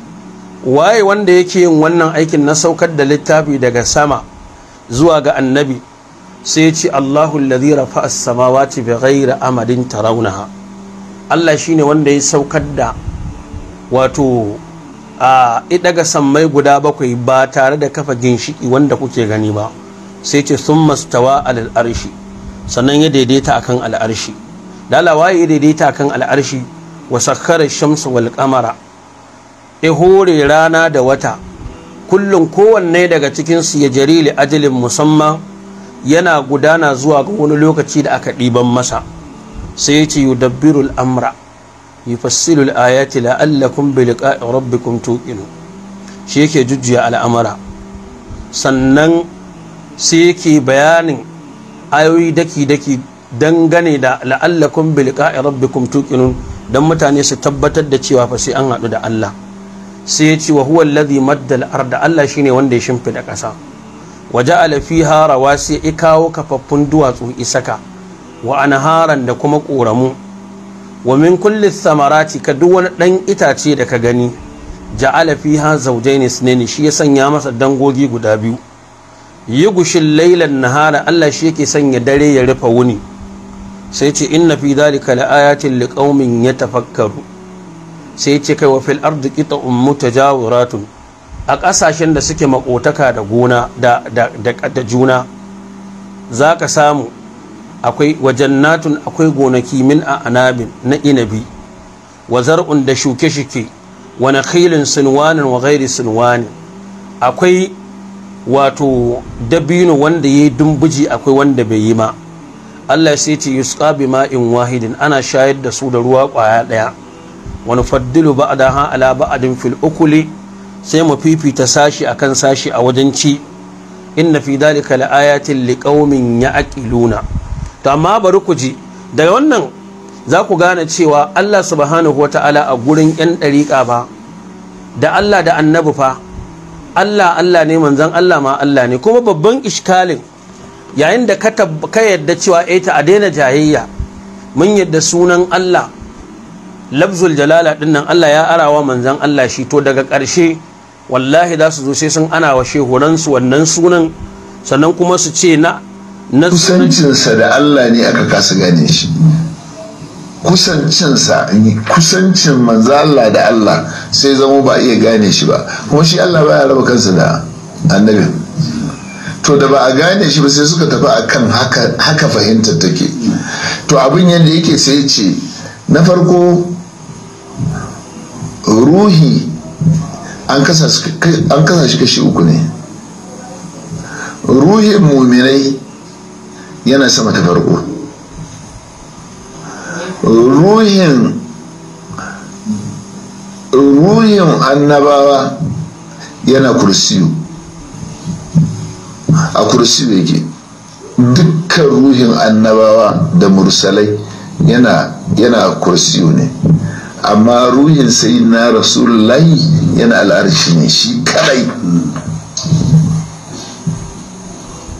[SPEAKER 1] waye wanda yake yin wannan aikin na saukar da littafi daga sama zuwa ga annabi sai ce Allahu allazi rafa'a as-samawati bighairi amadin tarawunaha Allah shine wanda ya saukar da wato a idaga sammai guda bakwai ba tare da kafa ginshiki wanda kuke gani ba sai ce sun mastawa a arshi sannan ya daidaita akan al'arshi lalawa ya daidaita akan al'arshi wa sakkara shamsu wal kamara ya hore rana da wata kullum kowanne daga cikinsu ya jari ajalin musamman yana gudana zuwa ga wani lokaci da aka ɗiban masa sai ya ce yudabbirul amra yufassilu ayati la'allakum bi liqa'i rabbikum tuqinu shi yake jujjuya al'amara sannan sai yake bayanin ayoyi daki-daki dangane da la'allakun bi liqa'i rabbikum tuqinun don mutane su tabbatar da cewa fa sai an haɗu da Allah sai ya ce wa huwa alladhi madda arda Allah shine wanda ya shimfida ƙasa wa ja'ala fiha rawasi kawo kafaffun duwatsu isaka wa anharan da kuma ƙoramu wa min kulli samarati ka duk wani ɗan itace da ka gani ja'ala fiha zawjayn isnayn shi ya sanya masa dangogi guda biyu yi gushin lailan nahara Allah shi yake sanya dare ya rufe wuni sai ce inna fi dhalika laayatin liqaumin yatafakkaru sai ce kai wa fil ardi qita'un mutajawiratun a ƙasashen da suke maƙotaka da gona da da da juna zaka samu akwai Natun akwai gonaki min a anabin na inabi wa zar'un da shuke-shuke wa nakhilin sinwanin wa ghairi sinwanin akwai wato dabino wanda ya yi dumbuji akwai wanda bai yi ma Allah sai ce yusqa bi ma'in wahidin ana shayar da su da ruwa kwaya daya faddilu bada ha ala ba'din fil ukuli sai mu fifita sashi akan sashi a wajen ci inna fi dalika li qaumin ya'qiluna to amma bari ku ji daga wannan za ku gane cewa Allah subhanahu wata'ala a gurin yan dariƙa ba da Allah da annabi fa Allah Allah ne manzan Allah ma Allah ne kuma babban iskalin yayin da ka yadda cewa eh, a a daina jayayya mun yadda sunan Allah labzul jalala din nan Allah ya arawa manzan Allah shi to daga ƙarshe wallahi za su zo sai sun ana wa shehuransu wannan sunan sannan kuma su ce na
[SPEAKER 2] kusancinsa da Allah ne aka kasa gane shi kusancinsa kusancin manzala da Allah sai zama ba iya gane shi ba kuma shi Allah baya raba kansa da annabi to da ba a gane shi ba sai suka tafi akan haka haka fahimtar take to abin yadda yake sai ce na farko ruhi an kasa shi kashi uku ne ruhin muminai yana sama ta farko ruhin ruhin annabawa yana kursiyu a kursi yake dukkan ruhin annabawa da mursalai yana yana kursiyu ne amma ruhin sai na rasulullahi yana al'arshi ne shi kadai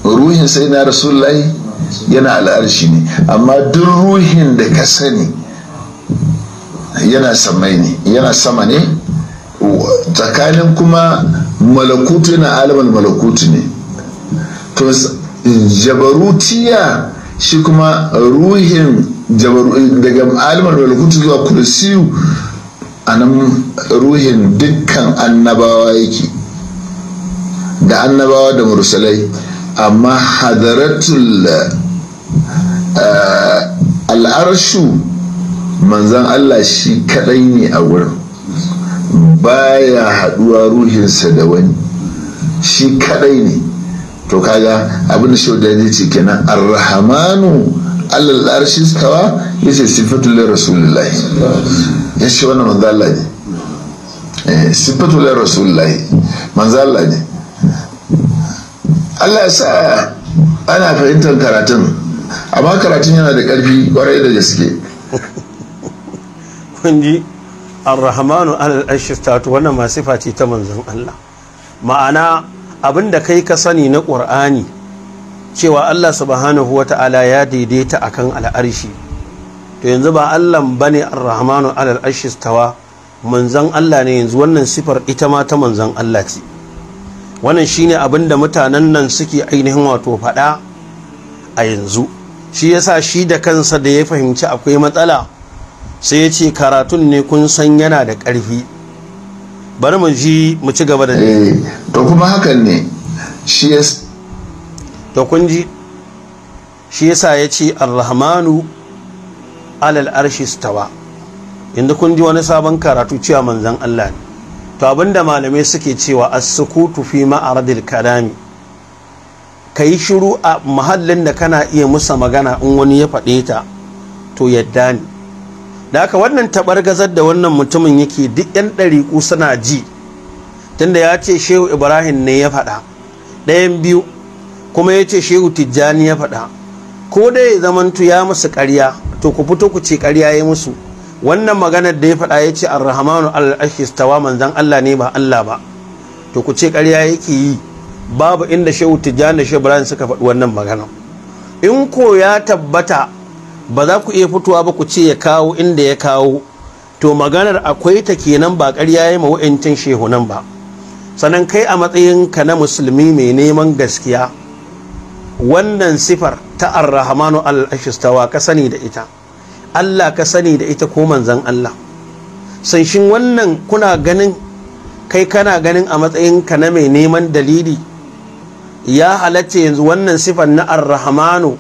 [SPEAKER 2] ruhin sai na rasulullahi yana al'arshi ne amma duk ruhin da ka sani yana samai ne yana sama ne tsakanin kuma malakutu yana alamar malakutu ne to jabarutiya shi kuma ruhin daga alamar malakutu zuwa kulisiyu a nan ruhin dukkan annabawa yake da annabawa da mursalai amma hadaratul Eh, al'arshu manzan Allah shi kadai ne a wurin baya haduwa ruhinsa da wani shi kadai ne to kaga abinda da ya ce kenan arrahamanu allal arshi stawa ce sifatul rasulullahi yace wannan manzan Allah ne eh rasulullahi manzan Allah ne Allah ya sa
[SPEAKER 1] ana fahimtar karatun amma karatun yana da karfi kwarai da gaske kun ji arrahmanu alal ashtatu wannan ma sifa ce ta manzon Allah ma'ana abinda kai ka sani na qur'ani cewa Allah subhanahu wata'ala ya daidaita akan al'arshi to yanzu ba Allah bane arrahmanu alal tawa manzon Allah ne yanzu wannan sifar ita ma ta manzon Allah ce wannan shine abinda mutanen nan suke ainihin wato faɗa a yanzu shi sa shi da kansa da ya fahimci akwai matsala sai ya ce karatun ne kun san yana da ƙarfi bari mu ji mu ci gaba da eh, to kuma hakan ne shi ya to kun ji shi ya sa ya ce arrahmanu alal arshi stawa inda kun ji wani sabon karatu cewa manzon Allah ne to abinda malamai suke cewa as-sukutu fi ma'aradil kalami ka yi shiru a mahallin da kana iya musa magana in wani ya faɗe ta to yadda ne da haka wannan gazar da wannan mutumin yake duk 'yan ɗariƙu suna ji tunda ya ce shehu ibrahim ne ya faɗa ɗayan biyu kuma ya ce shehu tijjani ya faɗa ko da ya zamantu ya musu ƙarya to ku fito ku ce ƙarya ya musu wannan maganar da ya faɗa ya ce arrahmanu al'ashis tawa manzan allah ne ba allah ba to ku ce ƙarya yake yi babu inda shehu tijjani da shehu ibrahim suka faɗi wannan magana in ko ya tabbata ba za ku iya fitowa ba ku ce ya kawo inda ya kawo to maganar akwai ta kenan ba ƙarya ya yi ma shehu nan ba sannan kai a matsayinka na musulmi mai neman gaskiya wannan sifar ta arrahmanu al-ashistawa ka sani da ita Allah ka sani da ita ko manzan Allah sanshin wannan kuna ganin kai kana ganin a matsayinka na mai neman dalili ya halatta yanzu wannan sifan na arrahamanu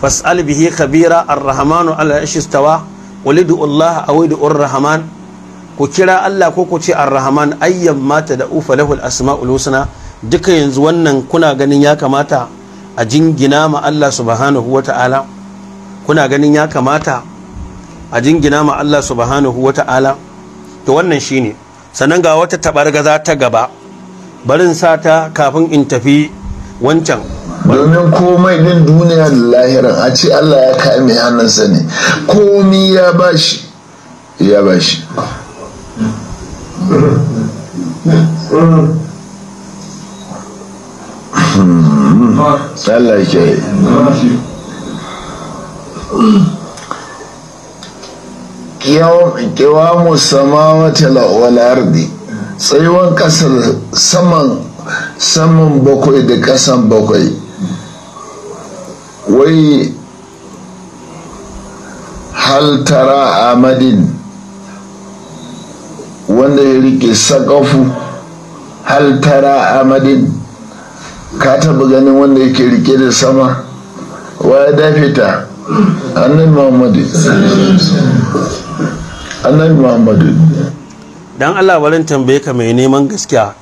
[SPEAKER 1] fas'al bihi khabira arrahamanu ala istawa qul Allah aw du'u rahman ku kira Allah ko ku ce arrahaman rahman mata da ufa lahul asmaul husna duka yanzu wannan kuna ganin ya kamata a jingina ma Allah subhanahu wata'ala kuna ganin ya kamata a jingina ma Allah subhanahu wata'ala to wannan shine sannan ga wata tabargaza ta gaba barin sata kafin in tafi wancan domin
[SPEAKER 2] komai din duniya da lahira a ce Allah ya mai hannunsa ne komi ya bashi ya bashi hmm. Allah ke kiwa musamman wata la'uwa lardi tsayuwan kasar saman saman bakwai da kasan bakwai wai haltara amadin wanda ya rike sakafu haltara amadin ka taba ganin wanda yake rike da
[SPEAKER 1] sama waya dafita annabi muhammadu annabi muhammadu dan Allah barin tambaye ka mai neman gaskiya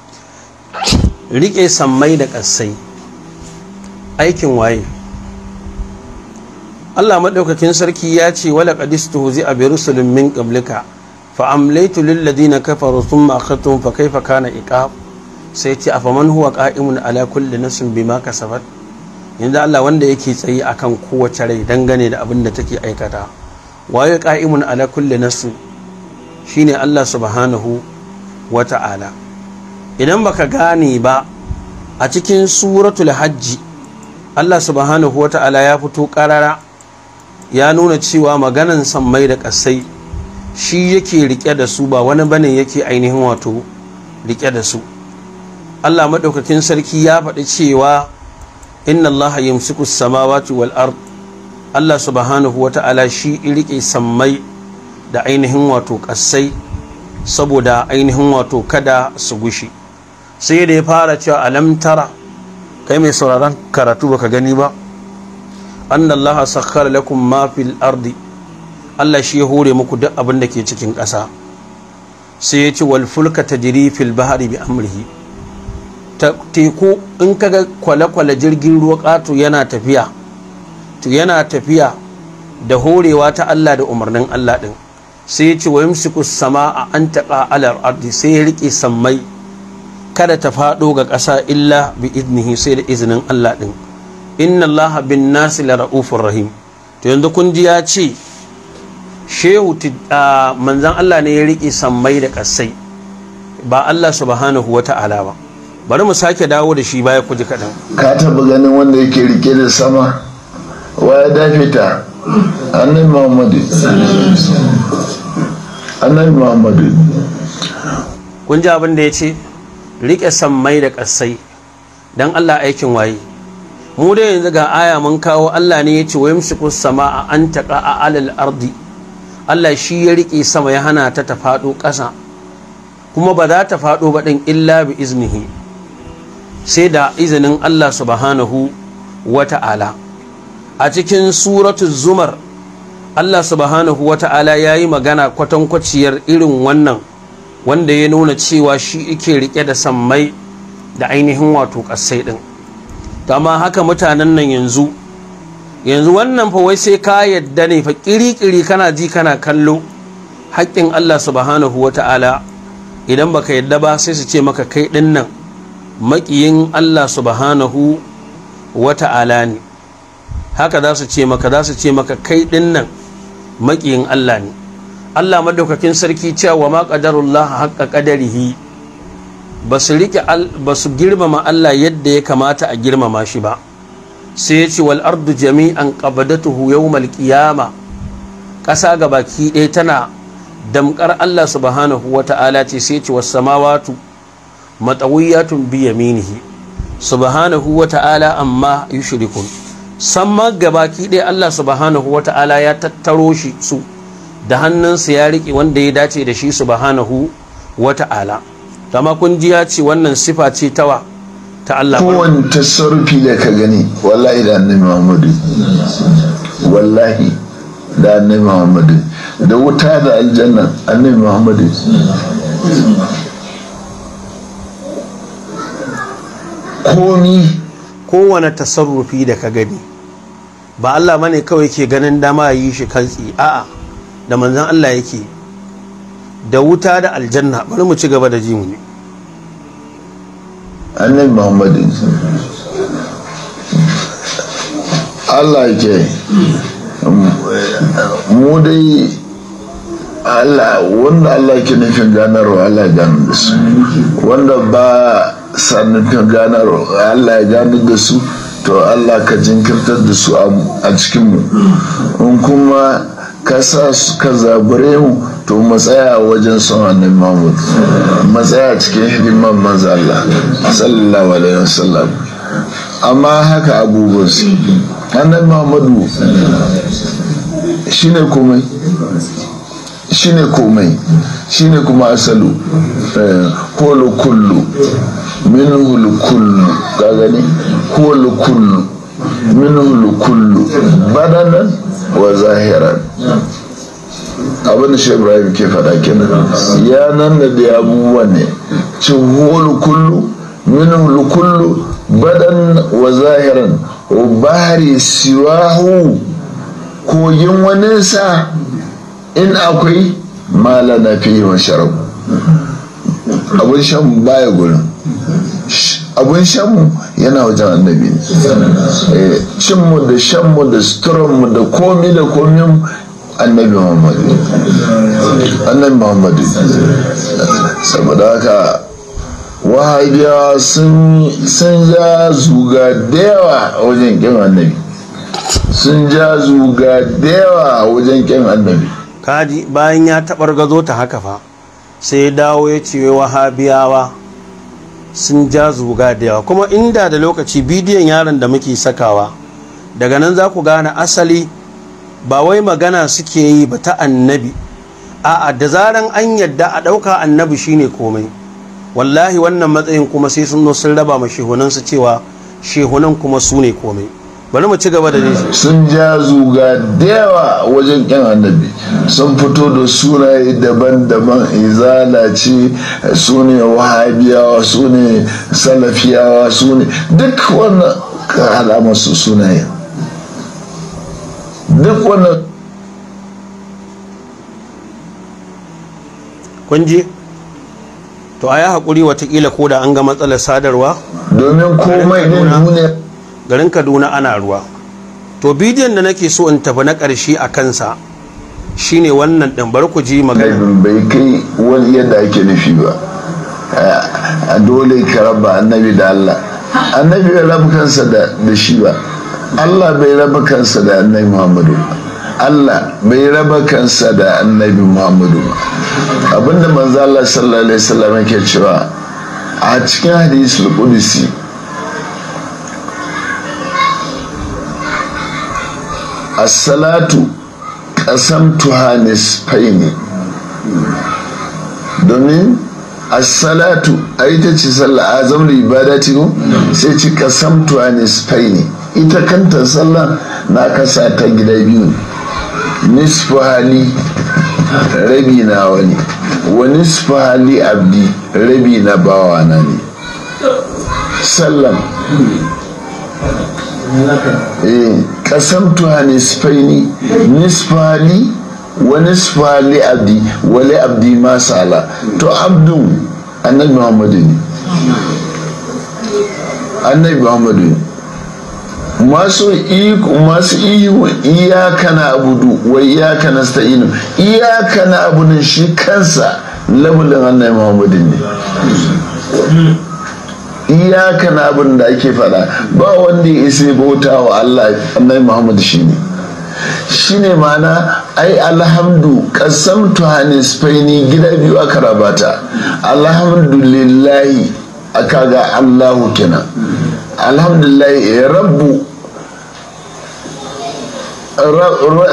[SPEAKER 1] rike sammai da ƙasai aikin waye Allah maɗaukakin sarki ya ce wala qadistu zi a rusulun min qablika fa amlaytu lil ladina kafaru thumma akhadtum fa kaifa kana iqab sai ce afaman huwa qa'imun ala kulli nafsin bima kasabat yanzu Allah wanda yake tsayi akan kowace rai dangane da abin da take aikata waye qa'imun ala kulli nafsin shine Allah subhanahu wa ta'ala idan baka gane ba a cikin suratul hajji Allah subhanahu wa ta'ala ya fito karara. ya nuna cewa maganan sammai da kasai shi yake rike da su ba wani bane yake ainihin wato rike da su Allah maɗaukakin sarki ya faɗi cewa inna Allah yamsiku samawati wal ard Allah subhanahu wa ta'ala shi rike sammai da ainihin wato kassai saboda ainihin wato kada su gushi sai da ya fara cewa alam tara kai mai sauraron karatu baka gani ba annallaha sakhkhara lakum ma fil ardi Allah shi ya hore muku duk abin da ke cikin ƙasa sai ya ci wal fulka tajri fil bahri bi amrihi teku in kaga kwale-kwale jirgin ruwa ƙato yana tafiya tafiya da horewa ta Allah da umarnin Allah din. sai ya ce wa yamsiku sama a an taqa alar ardi sai ya riƙe sammai kada ta faɗo ga ƙasa illa bi iznihi sai da izinin Allah ɗin inna Allah bin nasi la raufur rahim to yanzu kun ji ya ce shehu manzan Allah ne ya riƙe sammai da ƙasai ba Allah subhanahu wa ta'ala ba bari mu sake dawo da shi baya kuji kaɗan
[SPEAKER 2] ka taɓa ganin wanda yake riƙe da sama ya dafe ta annabi muhammadu annabi muhammadu
[SPEAKER 1] kun ji abin da ya ce riƙe sammai da ƙasai don allah aikin waye mu dai yanzu ga aya mun kawo allah ne ya ce wa yamsiku sama a an taƙa a alal ardi allah shi ya riƙe sama ya hana ta ta faɗo ƙasa kuma ba za ta faɗo ba ɗin illa bi iznihi sai da izinin allah subhanahu wa ta'ala a cikin suratul zumar Allah subhanahu wata'ala ya yi magana kwatankwaciyar irin wannan wanda ya nuna cewa shi ike rike da sammai da ainihin wato ƙasai ɗin dama haka mutanen nan yanzu yanzu wannan fa wai sai ka yadda ne fa ƙiri kana ji kana kallo haƙƙin Allah subhanahu wata'ala idan baka yadda ba sai su ce maka kai ɗin nan maƙiyin Allah subhanahu wata'ala ne haka za su ce maka za su ce maka kai ɗin nan maƙiyin Allah ne Allah madaukakin sarki cewa ma qadarullah haqqa qadarihi ba su rike ba su girmama Allah yadda ya kamata a girmama shi ba sai ya ce wal ardu jami'an qabadatuhu yawmal qiyama ƙasa gabaki ɗaya tana damƙar Allah subhanahu wata'ala ce sai ya ce was samawatu matawiyatun bi yaminihi subhanahu wata'ala amma yushrikun samma gabaki ɗaya Allah subhanahu ta'ala ya tattaro shi su da hannunsa ya riƙe wanda ya dace da shi subhanahu wata'ala dama kun ji ya ce wannan sifa ce tawa ta Allah kowane
[SPEAKER 2] tasarrufi da ka gani wallahi da annabi Muhammadu wallahi da annabi Muhammadu da wuta da aljanna annabi Muhammadu
[SPEAKER 1] komi kowane tasarrufi da ka gani ba Allah mane kawai ke ganin dama yi shi kaltsi a'a da manzan Allah yake da wuta da aljanna bari mu ci gaba da ji mu ne annabi Muhammad
[SPEAKER 2] Allah ke mu dai Allah wanda Allah ke nufin ganar Allah ya da su wanda ba sannan ganar ganarwa Allah ya ganar da su to Allah ka jinkirtar da su a cikinmu in kuma ka sa ka zabure mu to matsaya wajen son annabi Muhammad matsaya cikin hidiman manzo Allah sallallahu alaihi wasallam amma haka abubuwan su annabi Muhammadu shine komai shine komai shine kuma asalu kolo eh, kullu minhu kullu ka gani huwa lukullu minhu kullu badanan wa zahiran abin da shi ibrahim ke faɗa kenan ya nan da da abubuwa ne ci huwa lukullu minhu kullu badan wa zahiran wa bari siwahu kogin sa in akwai mala na fi wa sharabu abin shan baya gurin abun shanmu yana wajen annabi ne cinmu eh, da shanmu da suturanmu da komi da komin annabi muhammadu annabi muhammadu saboda haka wahabiyawa sun ja zuga da yawa wajen kyan
[SPEAKER 1] annabi sun ja zuga da yawa wajen kyan annabi kaji bayan ya taɓar gazo ta haka fa sai dawo ya ce wahabiyawa sun ja zuga da yawa kuma inda da lokaci bidiyon yaron da muke sakawa daga nan za ku gane asali ba wai magana suke yi ba ta annabi a'a da zaran an yadda a ɗauka annabi shine komai wallahi wannan matsayin kuma sai sun sun raba ma su cewa shehunan kuma su ne komai bari mu ci gaba da nishi
[SPEAKER 2] sun ja zuga da yawa wajen yan annabi sun fito da sunaye daban-daban izala ce su ne wahabiyawa su ne salafiyawa su ne duk wannan ka hada masu sunaye duk wannan
[SPEAKER 1] kunji to a yi haƙuri watakila ko da an ga matsalar sadarwa domin komai ne garin kaduna ana ruwa to bidiyon da nake so in tafi na ƙarshe a kansa shine wannan ɗin bar ku ji magana
[SPEAKER 2] bai kai wani yadda ake nufi ba a dole ka raba annabi da allah annabi bai raba kansa da shi ba allah bai raba kansa da annabi muhammadu allah bai raba kansa da annabi muhammadu abinda manzo allah sallallahu alaihi wasallam yake cewa a cikin hadisul qudsi as-salatu qasamtuha nisfaini domin a salatu ita ta ce sallah azamul ibada ce sai ci qasamtuha nisfaini ita kanta sallah na kasa ta gida biyu nisfu hali rabi na wani wa nisfu hali abdi rabi na bawa na ne sallam kasamtuha eh, nisfaini nisfali wa nisfa li abdi wa li abdi ma sala to abdu annabi muhammadu ne annabi muhammadu ne masu masu ihu iyaka na abudu wa iyaka na sta'inu iyaka na abudun shi kansa labulin annabi muhammadu ne hmm. iyaka na abin da ake faɗa ba wanda ya isa bauta wa Allah annai Muhammad shi ne shi ne mana ai alhamdu kasam tuhani spaini gida biyu aka rabata alhamdulillahi aka ga Allahu kenan alhamdulillahi ya rabbu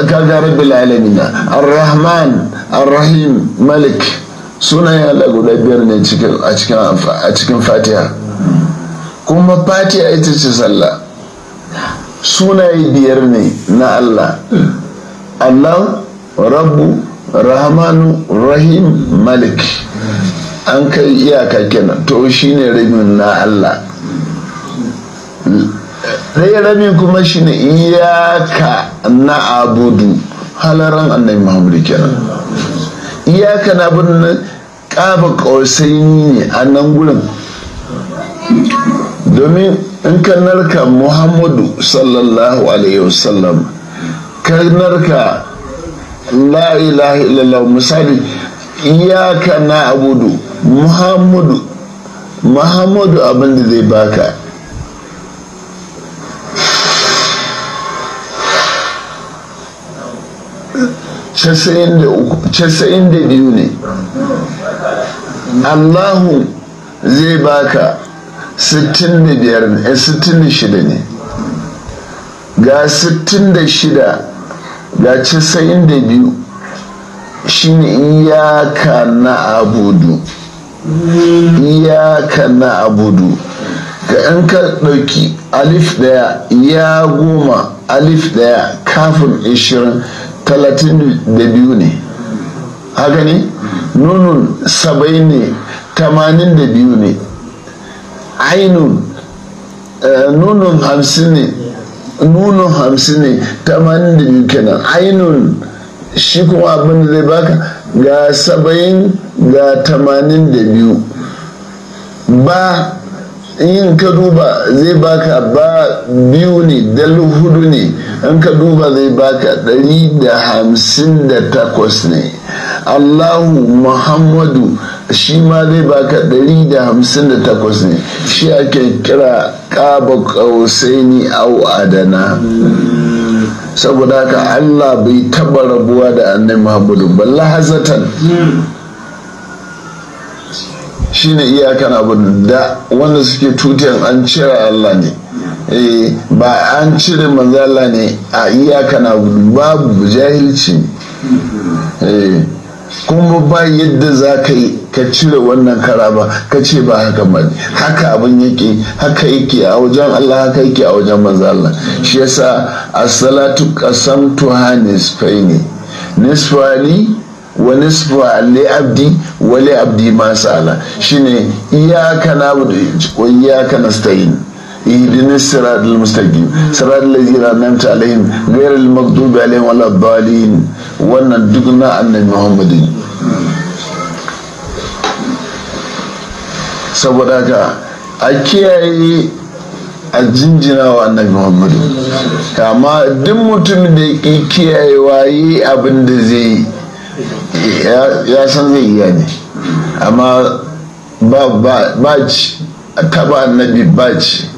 [SPEAKER 2] kaga rabbi lalamina ar-rahman ar-rahim malik sunayen Allah guda biyar ne a cikin fatiha kuma fatiha ita ce sallah sunaye biyar ne na allah allah rabu rahmanu rahim malik an kai iyaka kenan to shine rabin na allah ɗaya rabin kuma shine iyaka na abudu halaran annabi muhammadu kenan iyaka na abin ƙaba ƙausai ne a nan gurin domin in ka narka muhammadu sallallahu alaihi wasallam ka narka la ilaha misali iyaka na abudu muhammadu muhammadu abinda zai baka casa'in da biyu ne allahu zai baka 65 ne 66 eh, ne ga 66 ga 92 shine iyaka na abudu iyaka na abudu ga yan ka ɗauki alif ɗaya ya goma alif ɗaya kafin ishirin talatin da biyu ne haka ne nunun sabai ne tamanin da biyu ne ainun nunun hamsin ne nunun hamsini ta tamanin da biyu kenan ainun shi kuma abin da zai baka ga saba'in ga tamanin da biyu ba yin ka duba zai baka ba biyu ne dal hudu ne in ka duba zai baka ɗari da hamsin da takwas ne allahu muhammadu shi ma zai baka ɗari da da hamsin takwas ne shi ake kira ƙaba ƙausaini au adana saboda haka allah bai taɓa rabuwa da annai muhammadu balla hazatan shi ne iyakan abin da wanda suke tutiyan an cire allah ne eh, ba an cire manzala ne a iyakan abu babu jahilci eh. kuma ba yadda za ka yi ka cire wannan kara ba ka ce ba haka ba haka abin yake haka yake a wajen Allah haka yake a wajen manzo Allah shi yasa as-salatu qasamtu hanis faini nisfani wa nisfu li abdi wa li abdi ma sala shine iyyaka na'budu wa iyyaka nasta'in اهدنا الصراط المستقيم صراط الذين انعمت عليهم غير المغضوب عليهم ولا الضالين وندقنا عن محمد saboda ka a kiyaye a jinjina wa annabi muhammadu amma duk mutum da ya wa yi abin da zai ya zai iya ne amma ba ci taba annabi baci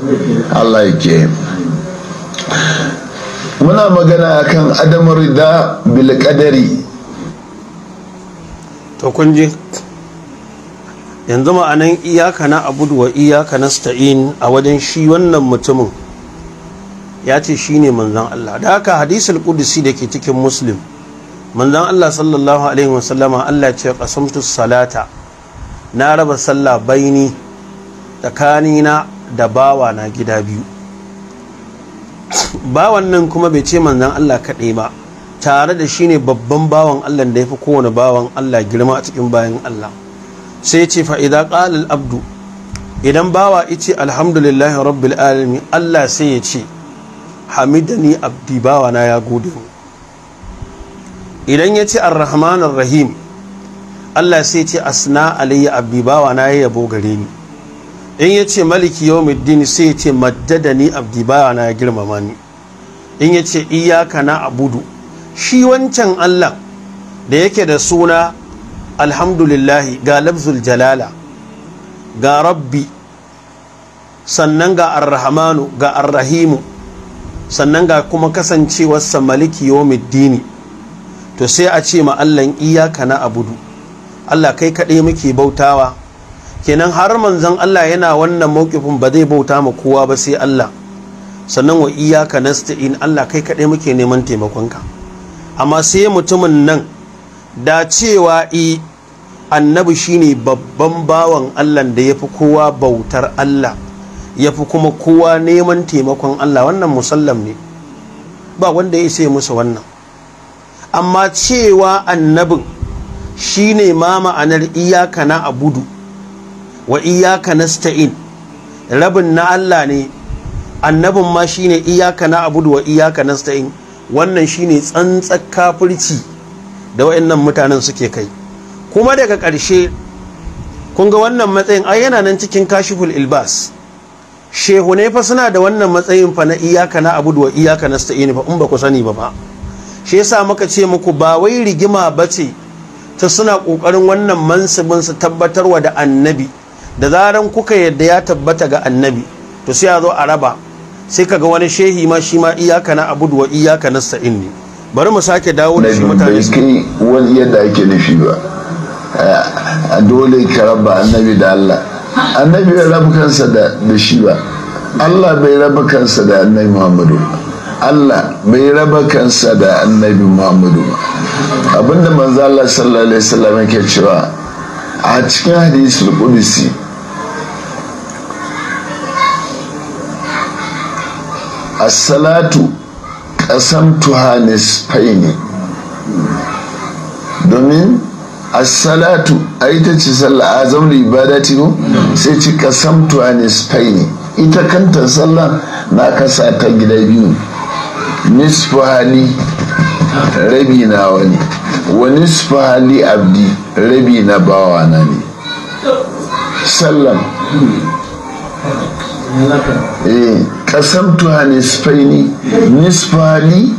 [SPEAKER 2] Allah yake
[SPEAKER 1] muna magana akan adam rida bil qadari to kun ji yanzu anan iyaka na abudu wa iyaka nasta'in a wajen shi wannan mutumin ya ce shi ne manzan Allah da haka hadisul da ke cikin muslim manzan Allah sallallahu alaihi wasallama Allah ya ce qasamtu salata na raba sallah baini tsakanina da bawa na gida biyu bawan nan kuma bai ce manzan Allah kaɗai ba tare da shi ne babban bawan Allah da ya fi kowane bawan Allah girma a cikin bayan Allah sai ce fa'ida ƙalil abdu idan bawa ice alhamdulillahi rabbil alamin Allah sai ya ce hamidani abdi bawa na ya gode idan ya ce arrahmanir rahim Allah sai ce asna alayya abdi bawa na ya yabo gare ni in ya ce maliki yau middini sai ya ce maddada ni abdi baya na girmama ni in ya ce iyaka na abudu shi wancan allah da yake da suna alhamdulillahi ga labzul jalala ga rabbi sannan ga arrahmanu ga arrahimu sannan ga kuma kasancewarsa maliki yau middini to sai a ce ma allah iyaka na abudu allah kai kaɗai muke bautawa kenan har manzon Allah yana wannan maukifin ba zai bauta ma kowa ba sai Allah sannan wa iyyaka nasta'in Allah kai kaɗai muke neman taimakonka amma sai mutumin nan da cewa i annabi shine babban bawan Allah da yafi kowa bautar Allah yafi kuma kowa neman taimakon Allah wannan musallam ne ba wanda ya sai musu wannan amma cewa annabin shine ma ma'anar iyaka na abudu wa iyaka nasta'in rabin na Allah ne annabin ma shine iyaka na abudu wa iyaka nasta'in wannan shine tsantsar kafirci da wayannan mutanen suke kai kuma daga ƙarshe kun wannan matsayin a yana nan cikin kashiful ilbas ne fa suna da wannan matsayin fa na iyaka na abudu wa iyaka nasta'in fa in ba ku sani ba fa shi yasa muka ce muku ba wai rigima bace ta suna ƙoƙarin wannan mansubin su tabbatarwa da annabi da zaran kuka yadda ya tabbata ga annabi to sai a zo a raba sai kaga wani shehi ma shi ma iyaka na abudu wa iyaka sa'in ne bari mu sake dawo da shi mutane su kai
[SPEAKER 2] wani yadda ake nufi ba a dole ka raba annabi da Allah annabi bai raba kansa da shi ba Allah bai raba kansa da annabi Muhammadu Allah bai raba kansa da annabi Muhammadu abinda manzo Allah sallallahu alaihi wasallam yake cewa a cikin hadisul qudsi as-salatu qasamtuha nisfaini domin as-salatu ita ce sallah a zaune ibada tino sai ci qasamtuha nisfaini ita kanta sallah na kasa ta gida biyu hali rabi na wani wa hali abdi rabi na bawa na ne sallam hmm. eh qasamtuha nisfaini nisfali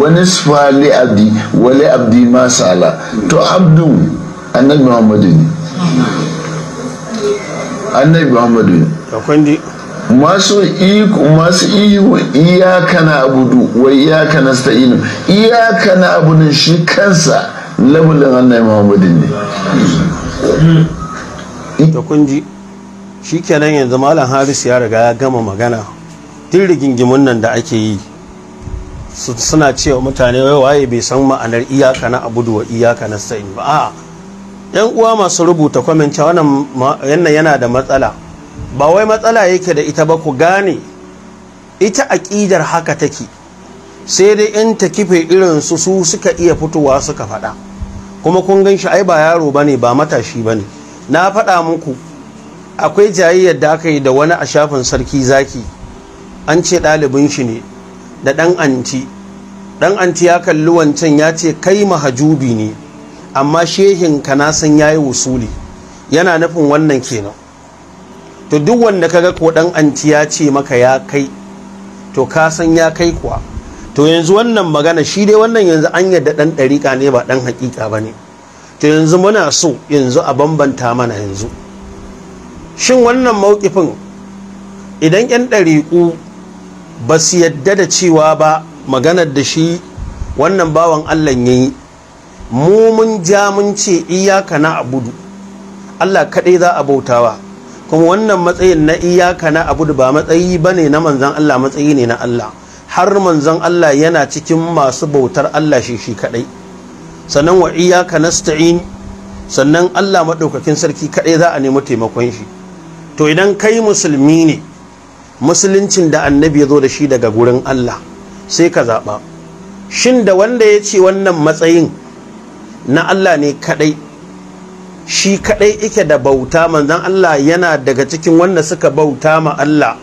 [SPEAKER 2] wa nisfali abdi wa li abdi ma sala to abdu annabi muhammadu ne annabi muhammadu ne masu iko masu iyo iyaka na abudu wa iyaka na sta'inu iyaka na abudu shi kansa labulin
[SPEAKER 1] annabi muhammadu ne to kun ji kenan yanzu malam haris ya riga ya gama magana duk rigingimun nan da ake yi suna cewa mutane waye bai san ma'anar iyaka na abudu wa iyaka na sa'in ba a yan uwa masu rubuta kwamenta wannan yana da matsala ba wai matsala yake da ita ba ku gane ita aƙidar haka take sai dai in ta kife irin su su suka iya fitowa suka faɗa kuma kun gan shi ai ba yaro ba ne ba matashi ba ne na faɗa muku akwai jayayyar da aka yi da wani a shafin sarki zaki an ce ɗalibin shi ne da ɗan anti ɗan anti ya kalli wancan ya ce kai mahajubi ne amma shehin ka na san yayi wusuli yana nufin wannan kenan to duk wanda kaga ko ɗan anti ya ce maka ya kai to ka san ya kai kuwa to yanzu wannan magana shi dai wannan yanzu an yadda ɗan ɗariƙa ne ba ɗan haƙiƙa ba ne to yanzu muna so yanzu a bambanta mana yanzu shin wannan mawkifin idan 'yan ɗariƙu ba su yadda da cewa ba maganar da shi wannan bawan allah ya yi mu mun ja mun ce iyaka na abudu allah kaɗai za a bautawa kuma wannan matsayin na iyaka na abudu ba matsayi ba ne na manzan allah matsayi ne na allah har manzan allah yana cikin masu bautar allah shi shi kaɗai sannan wa iyaka nasta'in sannan allah maɗaukakin sarki kaɗai za a nemi taimakon shi to idan kai musulmi ne musuluncin da annabi ya zo da shi daga gurin Allah sai ka zaɓa shin da wanda ya ce wannan matsayin na Allah ne kaɗai shi kaɗai ike da bauta manzan Allah yana daga cikin wanda suka bauta ma Allah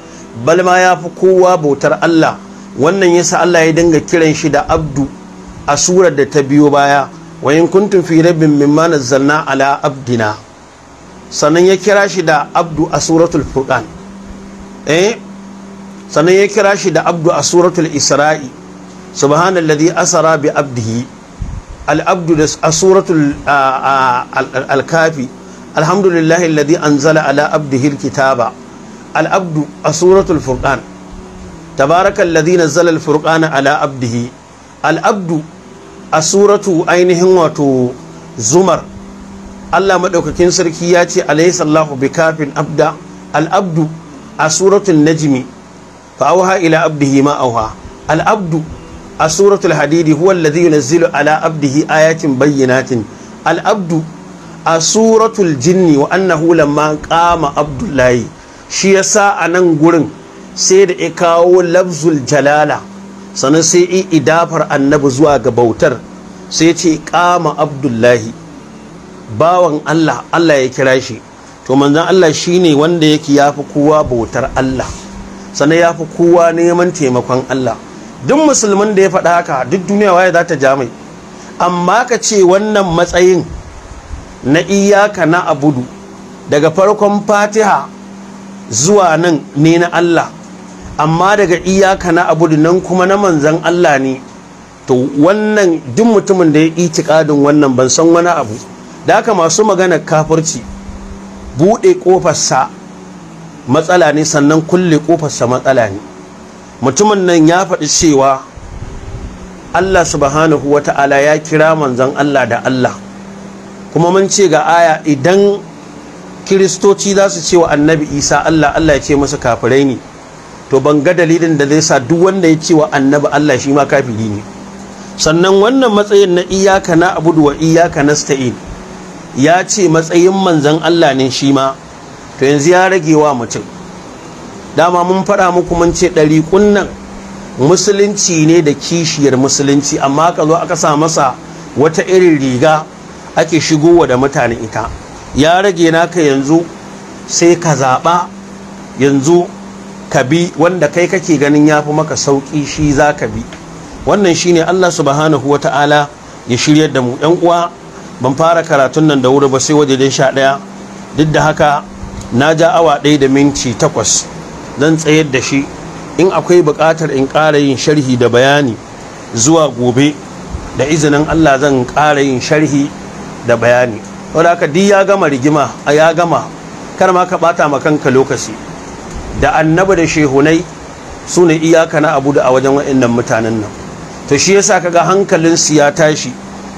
[SPEAKER 1] balma ya fi kowa bautar Allah wannan yasa Allah ya dinga kiran shi da abdu a surar da ta biyo baya wa in kuntum fi rabbin mimma nazzalna ala abdina sannan ya kira shi da abdu a suratul furqan eh sannan ya kira shi da abdu a suratul isra'i subhanallazi asara bi abdihi al-abdu a suratul al-kafi alhamdulillahi alladhi anzala ala abdihi al-kitaba al-abdu a suratul furqan tabarakallazi nazzala al-furqana ala abdihi al-abdu a suratu ainihin wato zumar Allah maɗaukakin sarki ya ce alaihi sallahu bi kafin abda al-abdu a suratul najmi fa auha ila abdihi ma auha al abdu a suratul hadidi huwa alladhi yunazzilu ala abdihi ayatin bayyinatin al abdu a suratul jinni wa annahu lamma qama abdullahi shi yasa a nan gurin sai da ya kawo lafzul jalala sannan sai yi idafar annabi zuwa ga bautar sai ce kama abdullahi bawan Allah Allah ya kira shi to manzan Allah shine wanda yake fi kowa bautar Allah sannan fi kowa neman taimakon Allah duk musulmin da ya faɗa haka duk duniya waye za ta ja mai amma ka ce wannan matsayin na iyaka na abudu daga farkon fatiha zuwa nan ne na Allah amma daga iyaka na abudu nan kuma na manzan Allah ne to wannan duk mutumin da ya itikadin wannan ban san wani abu da haka masu magana kafirci buɗe ƙofarsa matsala ne sannan kulle ƙofarsa matsala ne mutumin nan ya faɗi cewa Allah subhanahu wa ta'ala ya kira manzan Allah da Allah kuma mun ce ga aya idan kiristoci za su ce wa annabi isa Allah Allah ya ce masa kafirai ne to ban ga dalilin da zai sa duk wanda ya ce wa annabi Allah shi ma kafiri ne sannan wannan matsayin na iyaka na abudu wa iyaka nasta'in ya ce matsayin manzan Allah ne shi ma to yanzu ya rage wa mutum dama mun faɗa muku mun ce ɗari kunnan musulunci ne da kishiyar musulunci amma ka zo aka sa masa wata irin riga ake shigowa da mutane ita ya rage naka yanzu sai ka zaɓa yanzu ka bi wanda kai kake ganin ya fi maka sauƙi shi za ka bi wannan shine Allah subhanahu wa ta'ala ya shiryar da mu 'yan uwa ban fara karatun nan da wuri ba sai wajejen sha ɗaya duk da haka na ja awa ɗaya da minti takwas zan tsayar da shi in akwai buƙatar in ƙara yin sharhi da bayani zuwa gobe da izinin Allah zan ƙara yin sharhi da bayani wadda haka duk ya gama rigima a ya gama kar ma ka ɓata ma kanka lokaci da annabi da shehunai su ne iyaka na abu da a wajen waɗannan mutanen nan to shi yasa kaga su ya tashi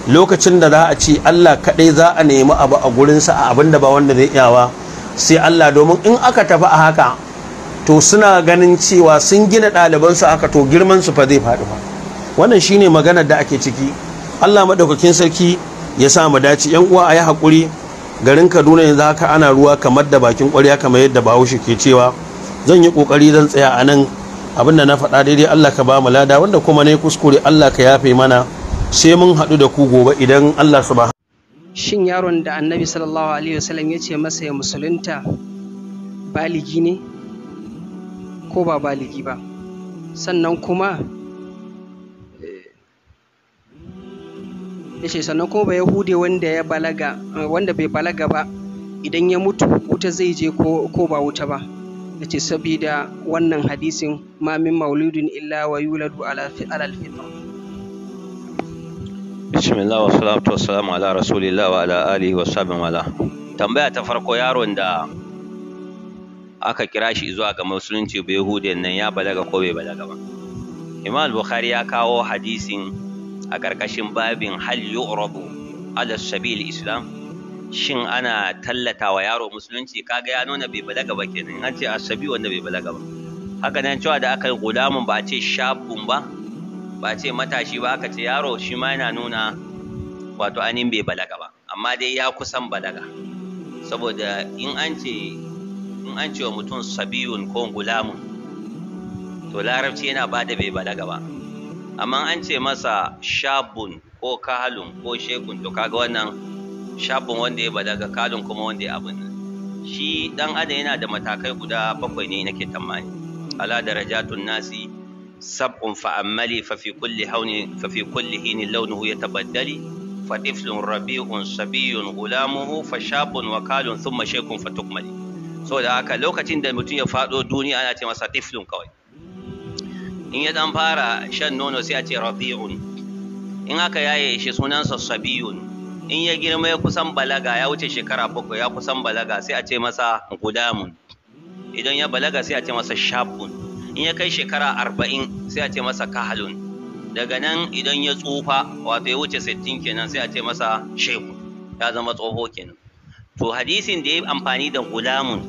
[SPEAKER 1] lokacin da za a ce Allah kaɗai za a nemi abu a gurinsa a abin da ba wanda zai iyawa sai Allah domin in aka tafi a haka to suna ganin cewa sun gina ɗalibansu aka to girman su fa zai faɗi ba wannan shine maganar da ake ciki Allah madaukakin sarki ya sa mu dace yan uwa a yi hakuri garin Kaduna yanzu haka ana ruwa kamar da bakin ƙwarya kamar yadda Bahaushe ke cewa zan yi ƙoƙari zan tsaya a nan abin na faɗa daidai Allah ka ba mu lada wanda kuma ne kuskure Allah ka yafe mana sai mun haɗu da ku gobe idan Allah su ba.
[SPEAKER 3] shin yaron da annabi sallallahu alaihi wasallam ya ce masa ya musulunta baligi ne ko ba baligi ba sannan kuma eh, ya ce sannan kuma ba yahude wanda ya balaga wanda bai balaga ba idan ya mutu wuta zai je ko ba wuta ba ya ce saboda wannan hadisin ma min mauludin illa wa yuladu ala alfitra bismillah wa salatu wa salamu ala rasulillah wa ala alihi wa sahbihi wala tambaya ta farko yaron da aka kira shi zuwa ga musulunci bai yahudiyan nan ya balaga ko bai balaga ba imam bukhari ya kawo hadisin a karkashin babin hal yu'rabu ala sabil islam shin ana tallata wa yaro musulunci kaga ya nuna bai balaga ba kenan an ce asabi wanda bai balaga ba haka nan cewa da aka yi gudamun ba a ce shabun ba ba ce matashi ba aka ce yaro shi ma yana nuna wato ainihin bai balaga ba amma dai ya kusan balaga saboda in an ce in an ce wa mutum sabiyun ko gulamun to larabci yana ba da bai balaga ba amma an ce masa shabun ko kalun ko shekun to kaga wannan shabun wanda ya balaga kalun kuma wanda ya abin shi dan adam yana da matakai guda bakwai ne nake tamani ala darajatun nasi سبع فأملي ففي كل هون ففي كل حين لونه يتبدل فطفل ربيع صبي غلامه فشاب وكال ثم شيخ فتكمل so da haka lokacin da mutum ya faɗo duniya ana ce masa tiflun kawai in ya dan fara shan nono sai a ce rabi'un in aka yaye shi sunansa sabiyun in ya girma ya kusan balaga ya wuce shekara bakwai ya kusan balaga sai a ce masa gudamun idan ya balaga sai a ce masa shabun in ya kai shekara arba'in sai a ce masa kahalun daga nan idan ya tsufa wato ya wuce sittin kenan sai a ce masa shehu ya zama tsoho kenan to hadisin da ya yi amfani da gulamun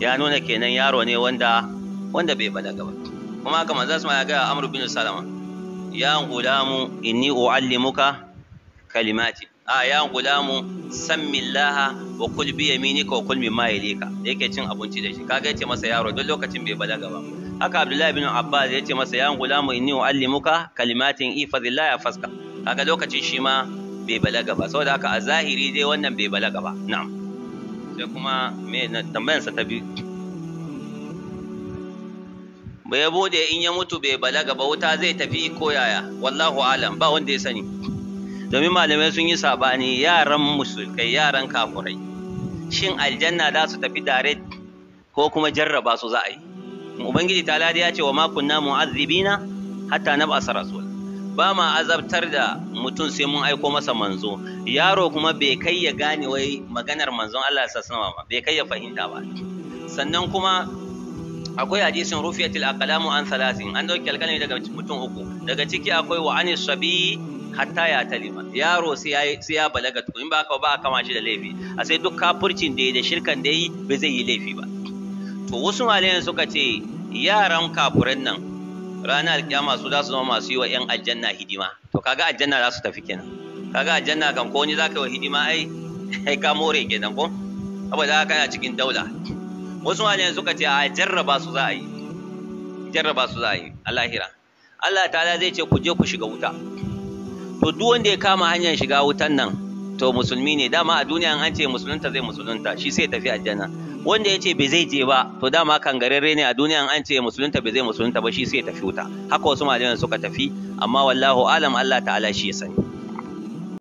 [SPEAKER 3] ya nuna kenan yaro ne wanda wanda bai balaga ba kuma haka manzo sama ya ga Amr bin Salama ya gulamu inni uallimuka kalimati a ya gulamu sammillaha wa kul bi yaminika wa kul mimma yalika yake cin abinci da shi kaga yace masa yaro don lokacin bai balaga ba haka abdullahi bin abbas ya ce masa ya gulamu inni uallimuka kalimatin ifadillah ya faska kaga lokacin shi ma bai balaga ba saboda haka a zahiri dai wannan bai balaga ba na'am sai kuma me sa ta bi. bai bude in ya mutu bai balaga ba wuta zai tafi ko yaya wallahu alam ba wanda ya sani domin malamai sun yi sabani yaran musulkai yaran kafurai shin aljanna za su tafi direct ko kuma jarraba su za a yi ubangiji ta ya ce wa makon namun mu'azzibina hatta nab'asa rasul ba ma azabtar da mutum sai mun aiko masa manzo yaro kuma bai kai ya gane wai maganar manzon Allah ya alaihi ba bai kai ya fahimta ba sannan kuma akwai hadisin rufiyatil aqlamu an salasin an dauki alkalami daga mutum uku daga ciki akwai wa anis sabi hatta ya talima yaro sai ya balaga in ba ka ba kama shi da laifi a sai duk kafurcin da ya da shirkan da yi ba zai yi laifi ba to wasu malayan suka ce yaran kafuran nan ranar alkiyama su za su zama masu yi wa 'yan aljanna hidima to kaga aljanna za su tafi kenan kaga aljanna kan ko ni za ka yi wa hidima ai ai ka more kenan ko saboda haka kana cikin daula wasu malayan suka ce a jarraba su za a yi jarraba su za a yi alahira Allah ta'ala zai ce ku je ku shiga wuta to duk wanda ya kama hanyar shiga wutan nan to musulmi ne dama a duniya an ce musulunta zai musulunta shi sai tafi aljanna wanda ya ce bai zai je ba to dama kan kangararre ne a duniya an ce musulunta bai zai musulunta ba shi sai tafi wuta haka wasu malaman suka tafi amma wallahu alam Allah ta'ala shi ya sani